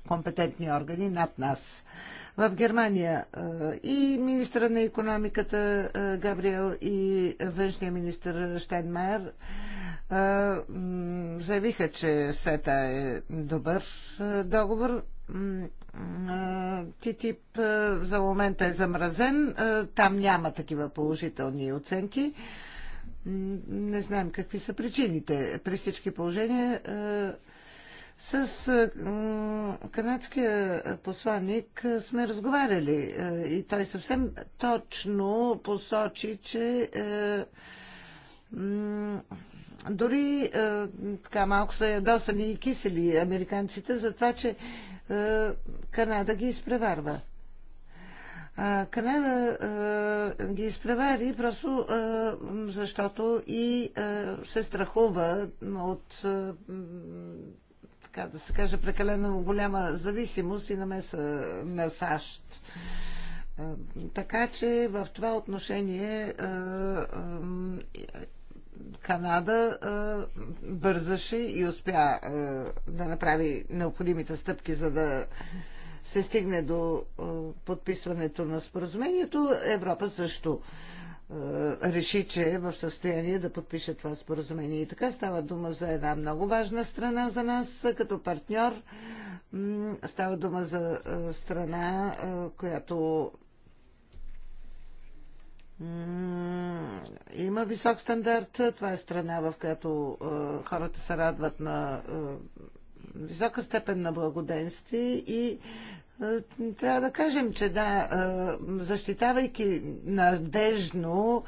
компетентни органи над нас. В Германия и министра на економиката Габриел и външния министр Штайнмайер заявиха, че СЕТА е добър договор. Титип за момента е замразен. Там няма такива положителни оценки. Не знаем какви са причините. При всички положения с канадския посланник сме разговаряли и той съвсем точно посочи, че дори е, така малко са ядосани и кисели американците за това, че е, Канада ги изпреварва. А, Канада а, е, ги изпревари просто а, е, защото и а, е, се страхува от, а, така да се каже, прекалено голяма зависимост и намеса на САЩ. Така че в това отношение Канада бързаше и успя да направи необходимите стъпки, за да се стигне до подписването на споразумението. Европа също реши, че е в състояние да подпише това споразумение. И така става дума за една много важна страна за нас като партньор. Става дума за страна, която има висок стандарт. Това е страна, в която е, хората се радват на е, висока степен на благоденствие и е, трябва да кажем, че да, е, защитавайки надежно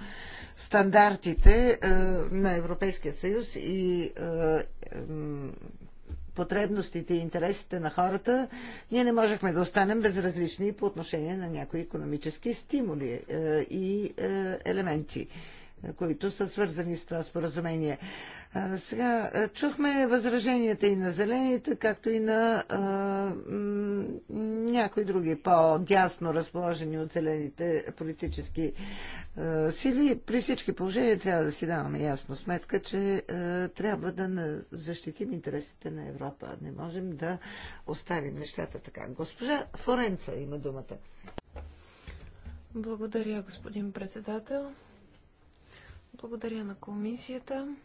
стандартите е, на Европейския съюз и е, е, потребностите и интересите на хората, ние не можехме да останем безразлични по отношение на някои економически стимули е, и е, елементи които са свързани с това споразумение. Сега чухме възраженията и на зелените, както и на а, някои други по-дясно разположени от зелените политически а, сили. При всички положения трябва да си даваме ясно сметка, че а, трябва да защитим интересите на Европа. Не можем да оставим нещата така. Госпожа Форенца има думата. Благодаря, господин председател. Благодаря на комисията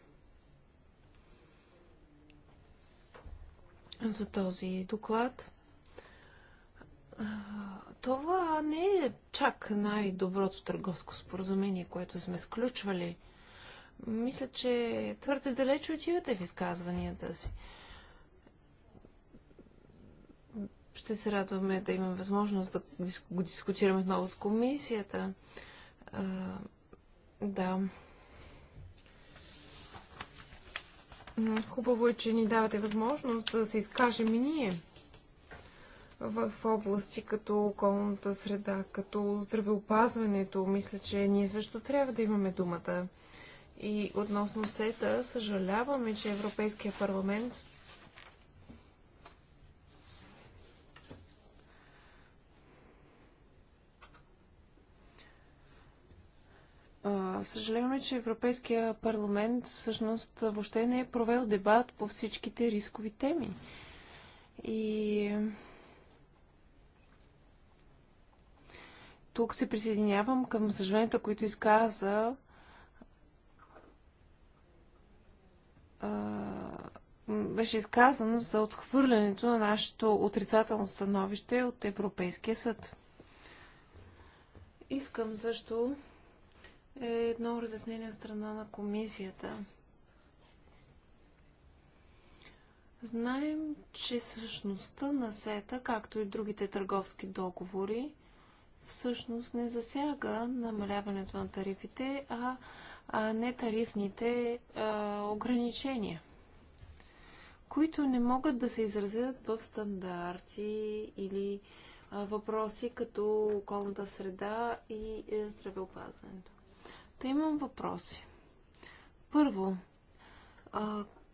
за този доклад. Това не е чак най-доброто търговско споразумение, което сме сключвали. Мисля, че твърде далеч отивате в изказванията си. Ще се радваме да имам възможност да го дискутираме отново с комисията. Да, Хубаво е, че ни давате възможност да се изкажем и ние в области като околната среда, като здравеопазването. Мисля, че ние също трябва да имаме думата. И относно сета, съжаляваме, че Европейския парламент Съжаляваме, че Европейския парламент всъщност въобще не е провел дебат по всичките рискови теми. И тук се присъединявам към съжаленията, които изказа беше изказано за отхвърлянето на нашето отрицателно становище от Европейския съд. Искам също е едно разяснение от страна на комисията. Знаем, че същността на сета, както и другите търговски договори, всъщност не засяга намаляването на тарифите, а, не тарифните а, ограничения, които не могат да се изразят в стандарти или а, въпроси като околната среда и е, здравеопазването. Та имам въпроси. Първо,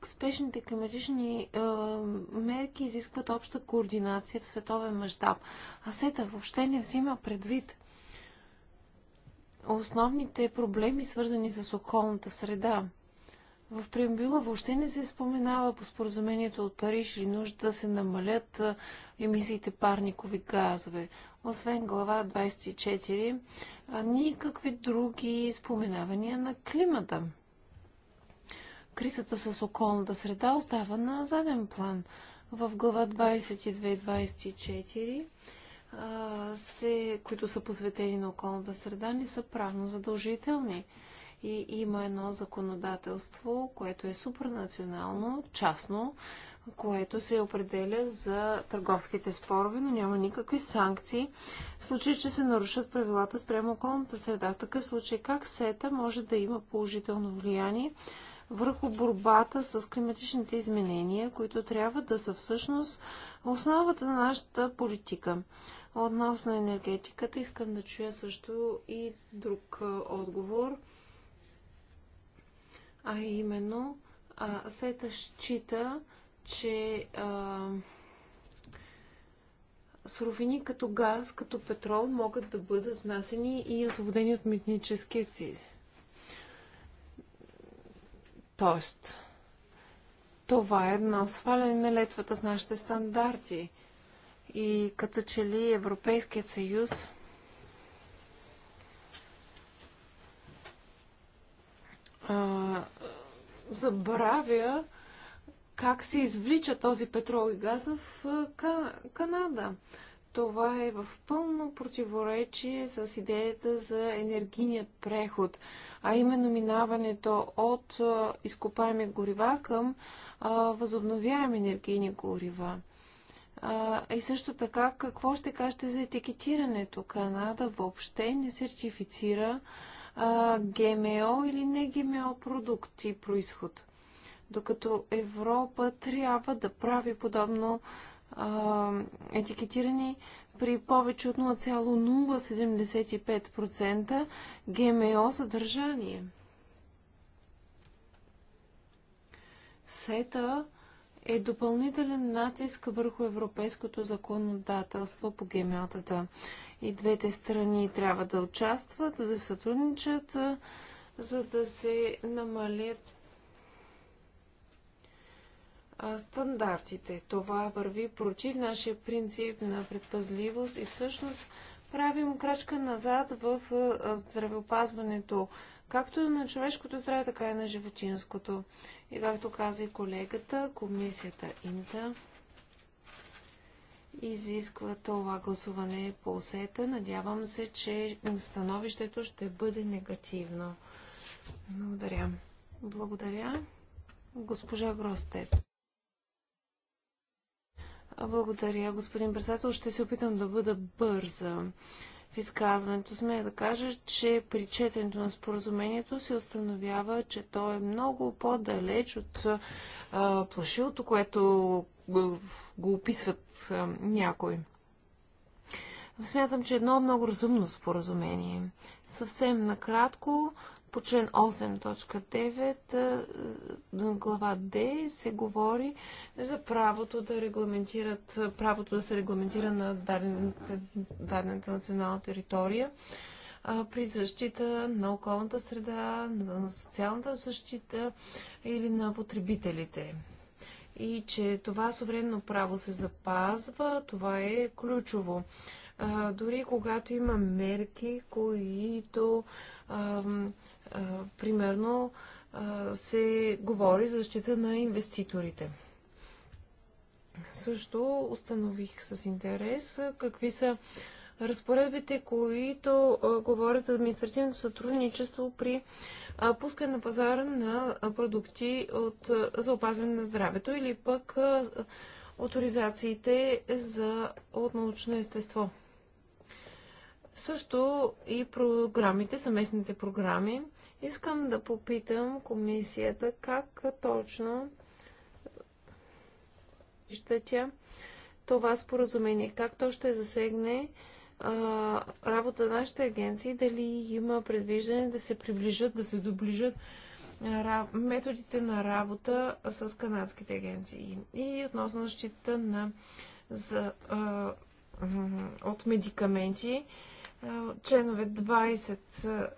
спешните климатични мерки изискват обща координация в световен мащаб. А СЕТА въобще не взима предвид основните проблеми, свързани с околната среда. В преамбюла въобще не се споменава по споразумението от Париж или нужда да се намалят емисиите парникови газове. Освен глава 24, а никакви други споменавания на климата. Кризата с околната среда остава на заден план. В глава 22 24, се, които са посветени на околната среда, не са правно задължителни. И има едно законодателство, което е супранационално, частно, което се определя за търговските спорове, но няма никакви санкции в случай, че се нарушат правилата спрямо околната среда. В такъв случай как СЕТА може да има положително влияние върху борбата с климатичните изменения, които трябва да са всъщност основата на нашата политика. Относно енергетиката искам да чуя също и друг отговор, а именно а, СЕТА счита, че а, суровини като газ, като петрол могат да бъдат внасени и освободени от митнически акцизи. Тоест, това е едно сваляне на летвата с нашите стандарти. И като че ли Европейският съюз а, забравя, как се извлича този петрол и газ в Канада. Това е в пълно противоречие с идеята за енергийният преход, а именно минаването от изкопаеми горива към възобновяеми енергийни горива. и също така, какво ще кажете за етикетирането? Канада въобще не сертифицира ГМО или не ГМО продукти происход докато Европа трябва да прави подобно а, етикетиране при повече от 0,075% ГМО съдържание. Сета е допълнителен натиск върху европейското законодателство по ГМО-тата. И двете страни трябва да участват, да сътрудничат, за да се намалят стандартите. Това върви против нашия принцип на предпазливост и всъщност правим крачка назад в здравеопазването, както на човешкото здраве, така и на животинското. И както каза и колегата, комисията Инта изисква това гласуване по усета. Надявам се, че становището ще бъде негативно. Благодаря. Благодаря. Госпожа Гростет. Благодаря, господин председател. Ще се опитам да бъда бърза. В изказването сме да кажа, че при четенето на споразумението се установява, че то е много по-далеч от а, плашилото, което го, го описват а, някой. Смятам, че е едно много разумно споразумение. Съвсем накратко по член 8.9 глава Д се говори за правото да регламентират, правото да се регламентира на дадената, дадената национална територия при защита на околната среда, на социалната защита или на потребителите. И че това суверенно право се запазва, това е ключово. дори когато има мерки, които примерно се говори за защита на инвеститорите. Също установих с интерес какви са разпоредбите, които говорят за административно сътрудничество при пускане на пазара на продукти от, за опазване на здравето или пък авторизациите за, от научно естество. Също и програмите, съместните програми Искам да попитам комисията как точно ще тя това споразумение, как то ще засегне а, работа на нашите агенции, дали има предвиждане да се приближат, да се доближат а, методите на работа с канадските агенции и относно защита на за, а, от медикаменти членове 20.27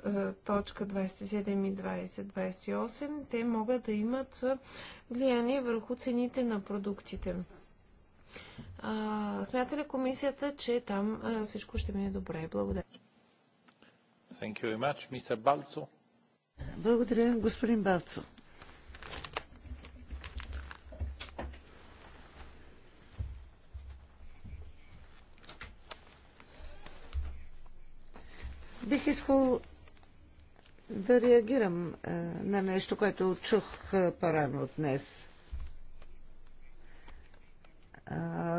е, и 20.28, те могат да имат е, влияние върху цените на продуктите. смята ли комисията, че там е, всичко ще мине добре? Благодаря. Thank you very much, Mr. Благодаря, господин Балцо. Бих искал да реагирам е, на нещо, което чух е, по-рано днес. Е,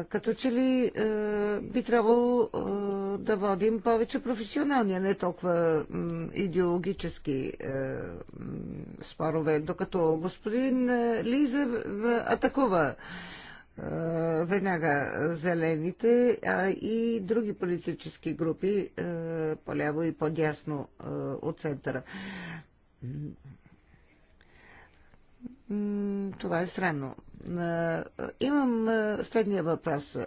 като че ли би трябвало да водим повече професионални, а не толкова идеологически спорове, докато господин Лиза атакува веднага зелените, а и други политически групи по-ляво и по-дясно от центъра. Това е странно. Имам следния въпрос.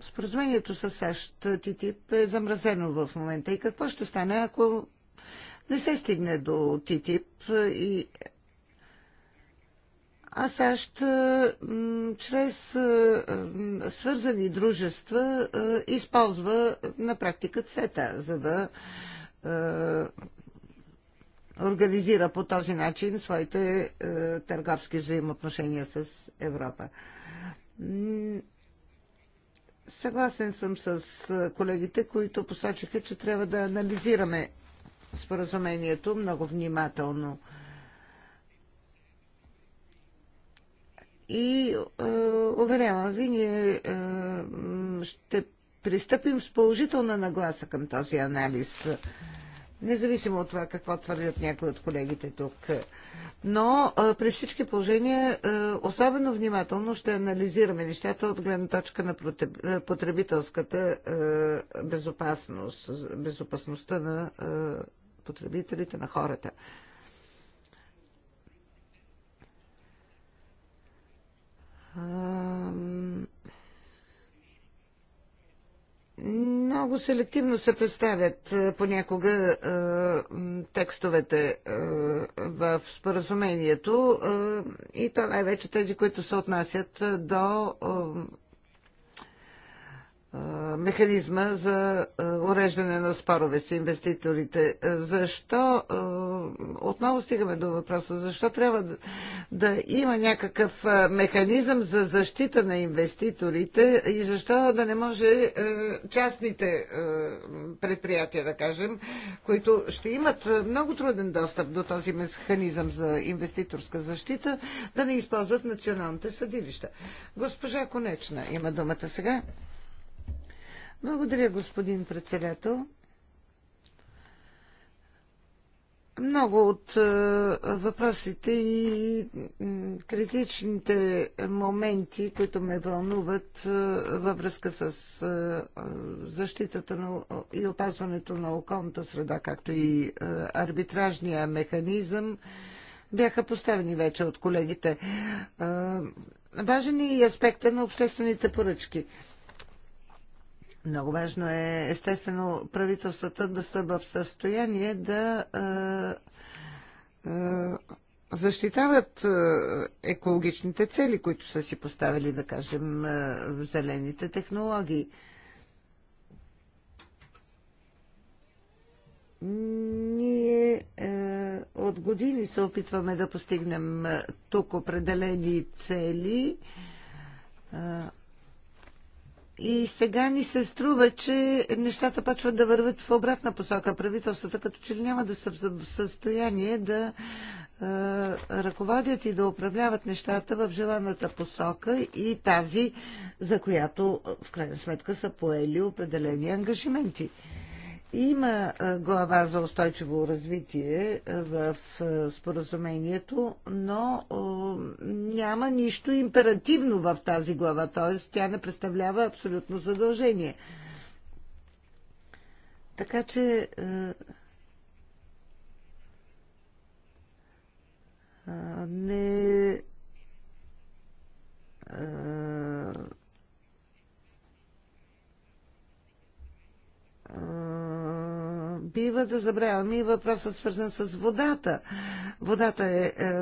Споразумението с САЩ ТТИП е замразено в момента. И какво ще стане, ако не се стигне до ТТИП и а САЩ чрез свързани дружества използва на практика цвета, за да организира по този начин своите търговски взаимоотношения с Европа. Съгласен съм с колегите, които посочиха, че трябва да анализираме споразумението много внимателно. И е, уверявам ви, ние е, ще пристъпим с положителна нагласа към този анализ, независимо от това какво твърдят някои от колегите тук. Но е, при всички положения е, особено внимателно ще анализираме нещата от гледна точка на е, потребителската е, безопасност, безопасността на е, потребителите, на хората. много селективно се представят понякога текстовете в споразумението и то най-вече тези, които се отнасят до механизма за уреждане на спорове с инвеститорите. Защо, отново стигаме до въпроса, защо трябва да, да има някакъв механизъм за защита на инвеститорите и защо да не може частните предприятия, да кажем, които ще имат много труден достъп до този механизъм за инвеститорска защита, да не използват националните съдилища. Госпожа Конечна има думата сега. Благодаря, господин председател. Много от е, въпросите и критичните моменти, които ме вълнуват е, във връзка с е, защитата на, и опазването на околната среда, както и арбитражния механизъм, бяха поставени вече от колегите. Важен е и аспекта на обществените поръчки – много важно е, естествено, правителствата да са в състояние да е, защитават екологичните цели, които са си поставили, да кажем, в зелените технологии. Ние е, от години се опитваме да постигнем тук определени цели. И сега ни се струва, че нещата почват да върват в обратна посока. Правителствата като че ли няма да са в състояние да е, ръководят и да управляват нещата в желаната посока и тази, за която в крайна сметка са поели определени ангажименти. Има глава за устойчиво развитие в споразумението, но няма нищо императивно в тази глава, т.е. тя не представлява абсолютно задължение. Така че не бива да забравяме и въпросът свързан с водата. Водата е, е,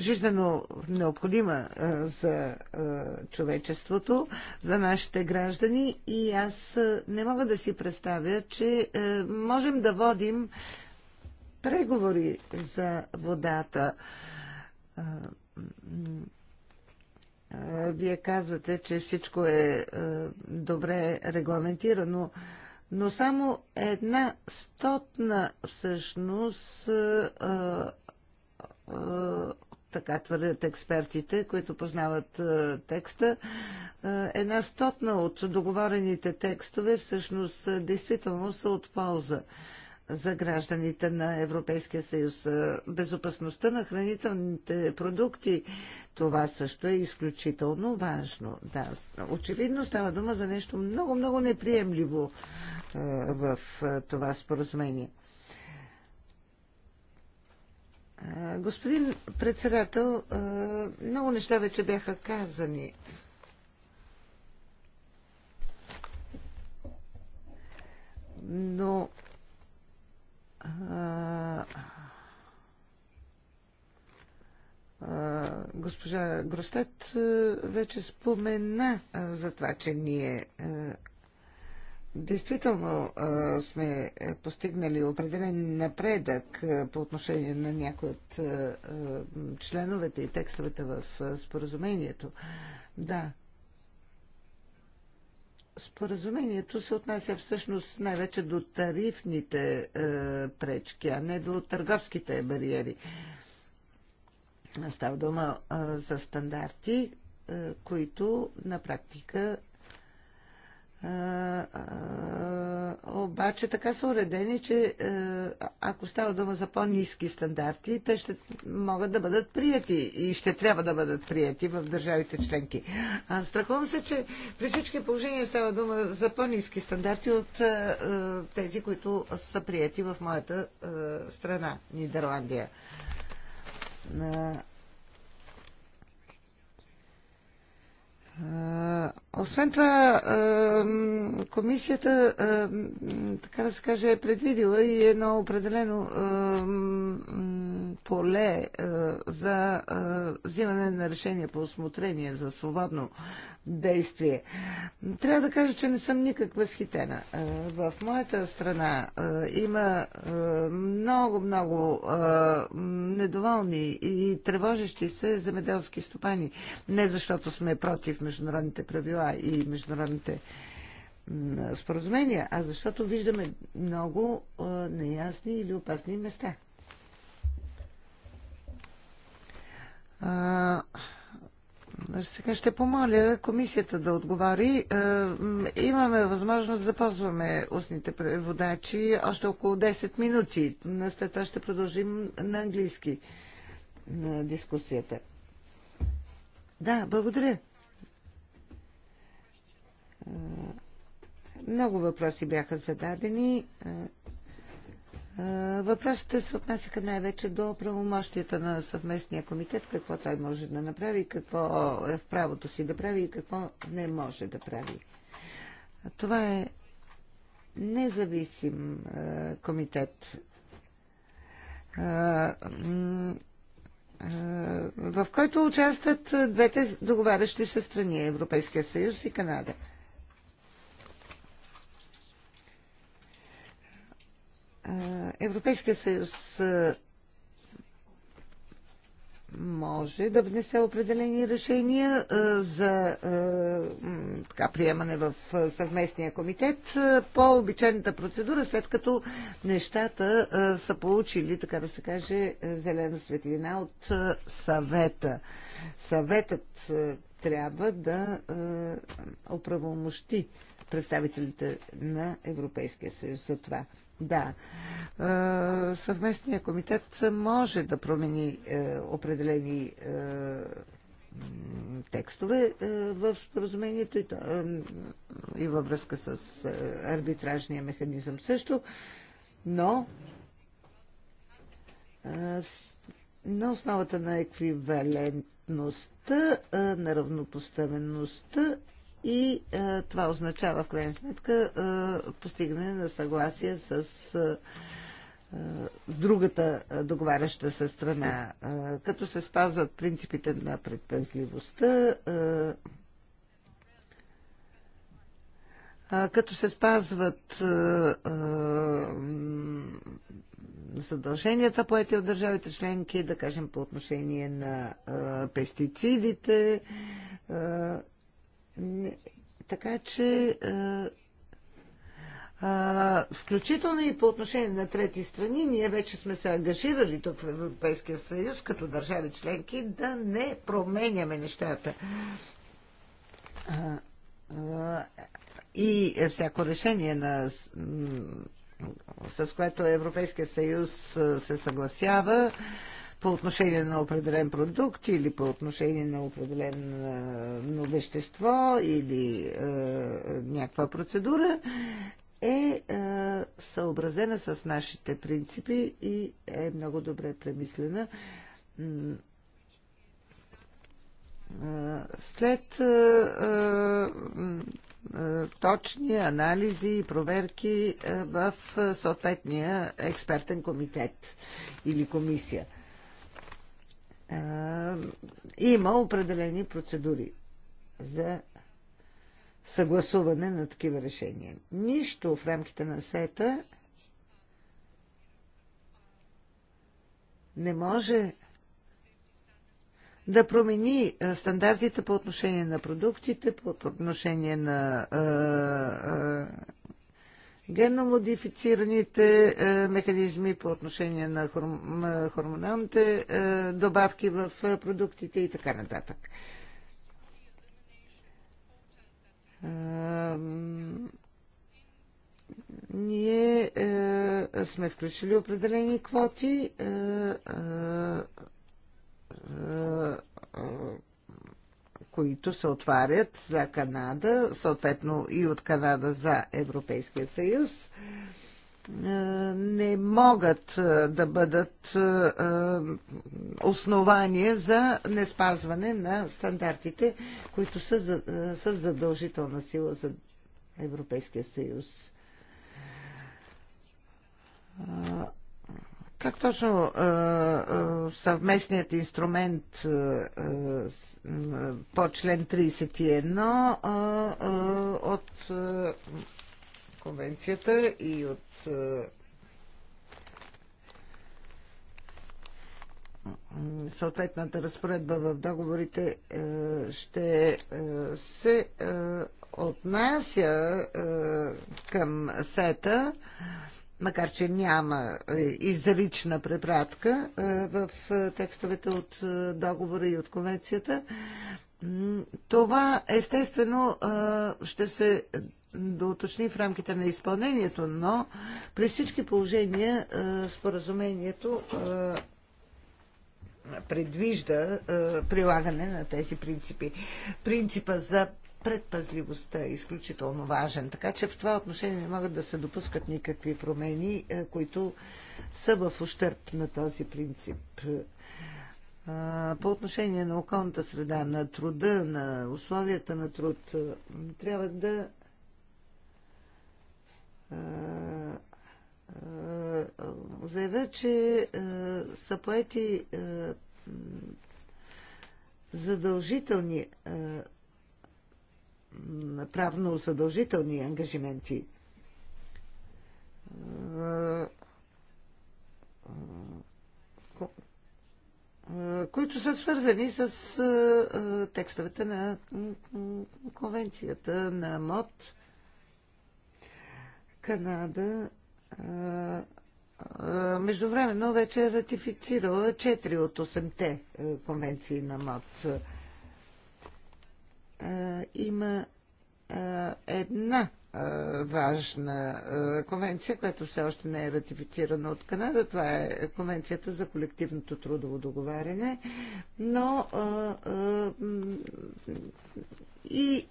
жизнено необходима е, за е, човечеството, за нашите граждани и аз е, не мога да си представя, че е, можем да водим преговори за водата. Е, вие казвате, че всичко е, е добре регламентирано, но само една стотна всъщност е, е, така твърдят експертите, които познават текста. Една стотна от договорените текстове всъщност действително са от полза за гражданите на Европейския съюз. Безопасността на хранителните продукти, това също е изключително важно. Да, очевидно става дума за нещо много, много неприемливо в това споразумение. Господин председател, много неща вече бяха казани. Но госпожа Гростет вече спомена за това, че ние действително сме постигнали определен напредък по отношение на някои от членовете и текстовете в споразумението. Да, Споразумението се отнася всъщност най-вече до тарифните е, пречки, а не до търговските бариери. Става дума е, за стандарти, е, които на практика обаче така са уредени, че ако става дума за по-низки стандарти, те ще могат да бъдат прияти и ще трябва да бъдат прияти в държавите членки. А, страхувам се, че при всички положения става дума за по-низки стандарти от тези, които са прияти в моята страна, Нидерландия. Освен това, комисията, така да се каже, е предвидила и едно определено поле е, за е, взимане на решение по осмотрение за свободно действие. Трябва да кажа, че не съм никак възхитена. Е, в моята страна има много-много недоволни и тревожещи се земеделски стопани. Не защото сме против международните правила и международните споразумения, а защото виждаме много неясни или опасни места сега ще помоля комисията да отговори. Имаме възможност да ползваме устните преводачи още около 10 минути. След това ще продължим на английски на дискусията. Да, благодаря. Много въпроси бяха зададени. Въпросите се отнасяха най-вече до правомощията на съвместния комитет, какво той може да направи, какво е в правото си да прави и какво не може да прави. Това е независим комитет, в който участват двете договарящи се страни Европейския съюз и Канада. Европейския съюз може да внесе определени решения за така, приемане в съвместния комитет по обичайната процедура, след като нещата са получили, така да се каже, зелена светлина от съвета. Съветът трябва да оправомощи представителите на Европейския съюз за това. Да. Съвместният комитет може да промени е, определени е, текстове е, в споразумението и, и във връзка с арбитражния механизъм също, но на основата на еквивалентността, на равнопоставеността и е, това означава в крайна сметка е, постигане на съгласие с е, е другата договаряща се страна, е, като се спазват принципите на предпазливостта, е, е, като се спазват е, е, задълженията поети от държавите членки, да кажем по отношение на е, пестицидите, е, така че е, е, включително и по отношение на трети страни, ние вече сме се ангажирали тук в Европейския съюз, като държави членки, да не променяме нещата. Е, и всяко решение, на, с което Европейския съюз се съгласява, по отношение на определен продукт или по отношение на определено вещество или е, някаква процедура е, е съобразена с нашите принципи и е много добре премислена. След е, е, точни анализи и проверки в съответния експертен комитет или комисия има определени процедури за съгласуване на такива решения. Нищо в рамките на сета не може да промени стандартите по отношение на продуктите, по отношение на генномодифицираните е, механизми по отношение на хормоналните е, добавки в е, продуктите и така нататък. Ние сме включили определени квоти които се отварят за Канада, съответно и от Канада за Европейския съюз, е, не могат е, да бъдат е, основания за неспазване на стандартите, които са с задължителна сила за Европейския съюз. Как точно съвместният инструмент по член 31 от конвенцията и от съответната разпоредба в договорите ще се отнася към сета макар че няма е, изрична препратка е, в е, текстовете от договора и от конвенцията, това естествено ще се доуточни в рамките на изпълнението, но при всички положения споразумението предвижда прилагане на тези принципи. Принципа за предпазливостта е изключително важен. Така че в това отношение не могат да се допускат никакви промени, е, които са в ущърп на този принцип. Е, по отношение на околната среда, на труда, на условията на труд, е, трябва да заявя, че са поети задължителни правно задължителни ангажименти. които са свързани с текстовете на конвенцията на МОД. Канада междувременно вече е ратифицирала 4 от 8-те конвенции на МОД има една важна конвенция, която все още не е ратифицирана от Канада. Това е конвенцията за колективното трудово договаряне. Но и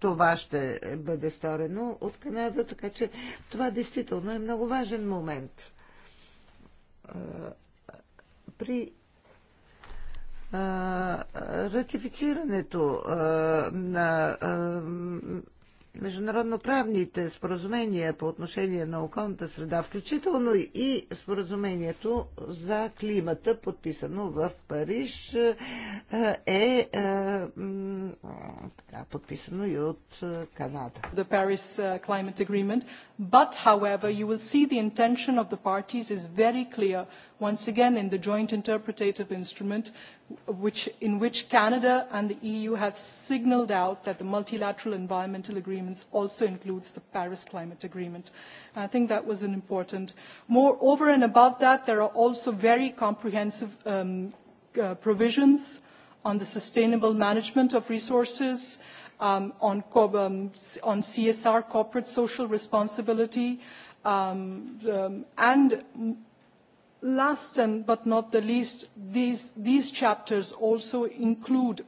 това ще бъде сторено от Канада, така че това действително е много важен момент. При ратифицирането а, на а, международноправните споразумения по отношение на околната среда, включително и споразумението за климата, подписано в Париж, е, а, е така, подписано и от Канада. The Paris Climate Agreement, but however you will see the intention of the parties is very clear once again in the joint interpretative instrument which, in which Canada and the EU have signalled out that the multilateral environmental agreements also includes the Paris Climate Agreement. I think that was an important. Moreover and above that, there are also very comprehensive um, uh, provisions on the sustainable management of resources, um, on, um, on CSR, corporate social responsibility, um, um, and Last and but not the least, these, these chapters also include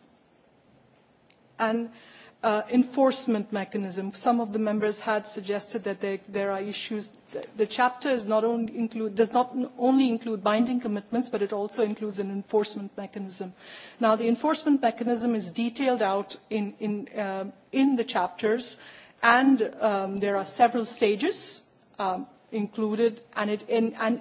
an uh, enforcement mechanism. Some of the members had suggested that there, there are issues. The chapter is not only include, does not only include binding commitments, but it also includes an enforcement mechanism. Now, the enforcement mechanism is detailed out in, in, uh, in the chapters, and um, there are several stages um, included, and it, in, and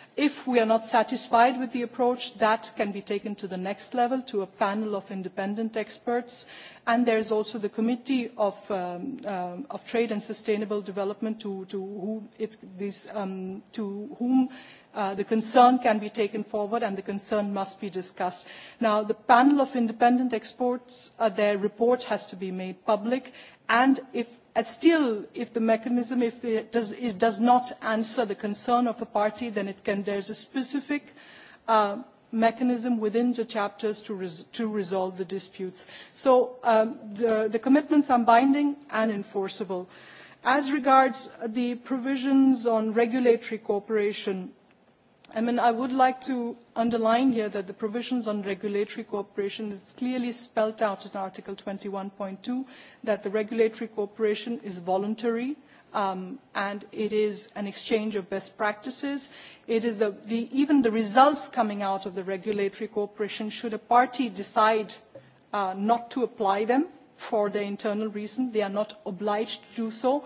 If we are not satisfied with the approach, that can be taken to the next level, to a panel of independent experts. And there is also the Committee of, Trade and Sustainable Development to, whom, the concern can be taken forward and the concern must be discussed. Now, the panel of independent experts, their report has to be made public and if And still, if the mechanism does, not answer the concern of a party, then there is a specific mechanism within the chapters to, resolve the disputes. So the commitments are binding and enforceable. As regards the provisions on regulatory cooperation, I mean, I would like to underline here that the provisions on regulatory cooperation is clearly spelled out in Article 21.2 that the regulatory cooperation is voluntary um, and it is an exchange of best practices. It is the, the, even the results coming out of the regulatory cooperation, should a party decide uh, not to apply them for their internal reason, they are not obliged to do so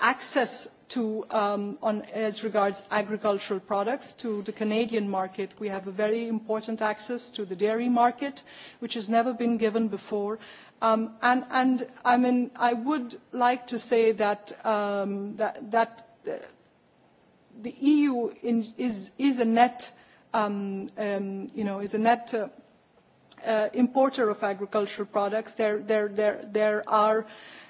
access to, as regards agricultural products to the Canadian market. We have a very important access to the dairy market, which has never been given before. and, I mean, I would like to say that, that, the EU is, is a net, um you know, is a net importer of agricultural products. There, there, there, there are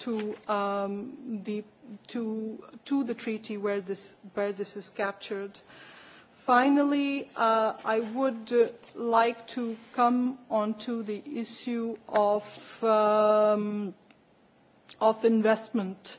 to um, the to to the treaty where this where this is captured. Finally, uh, I would uh, like to come onto the issue of um, of investment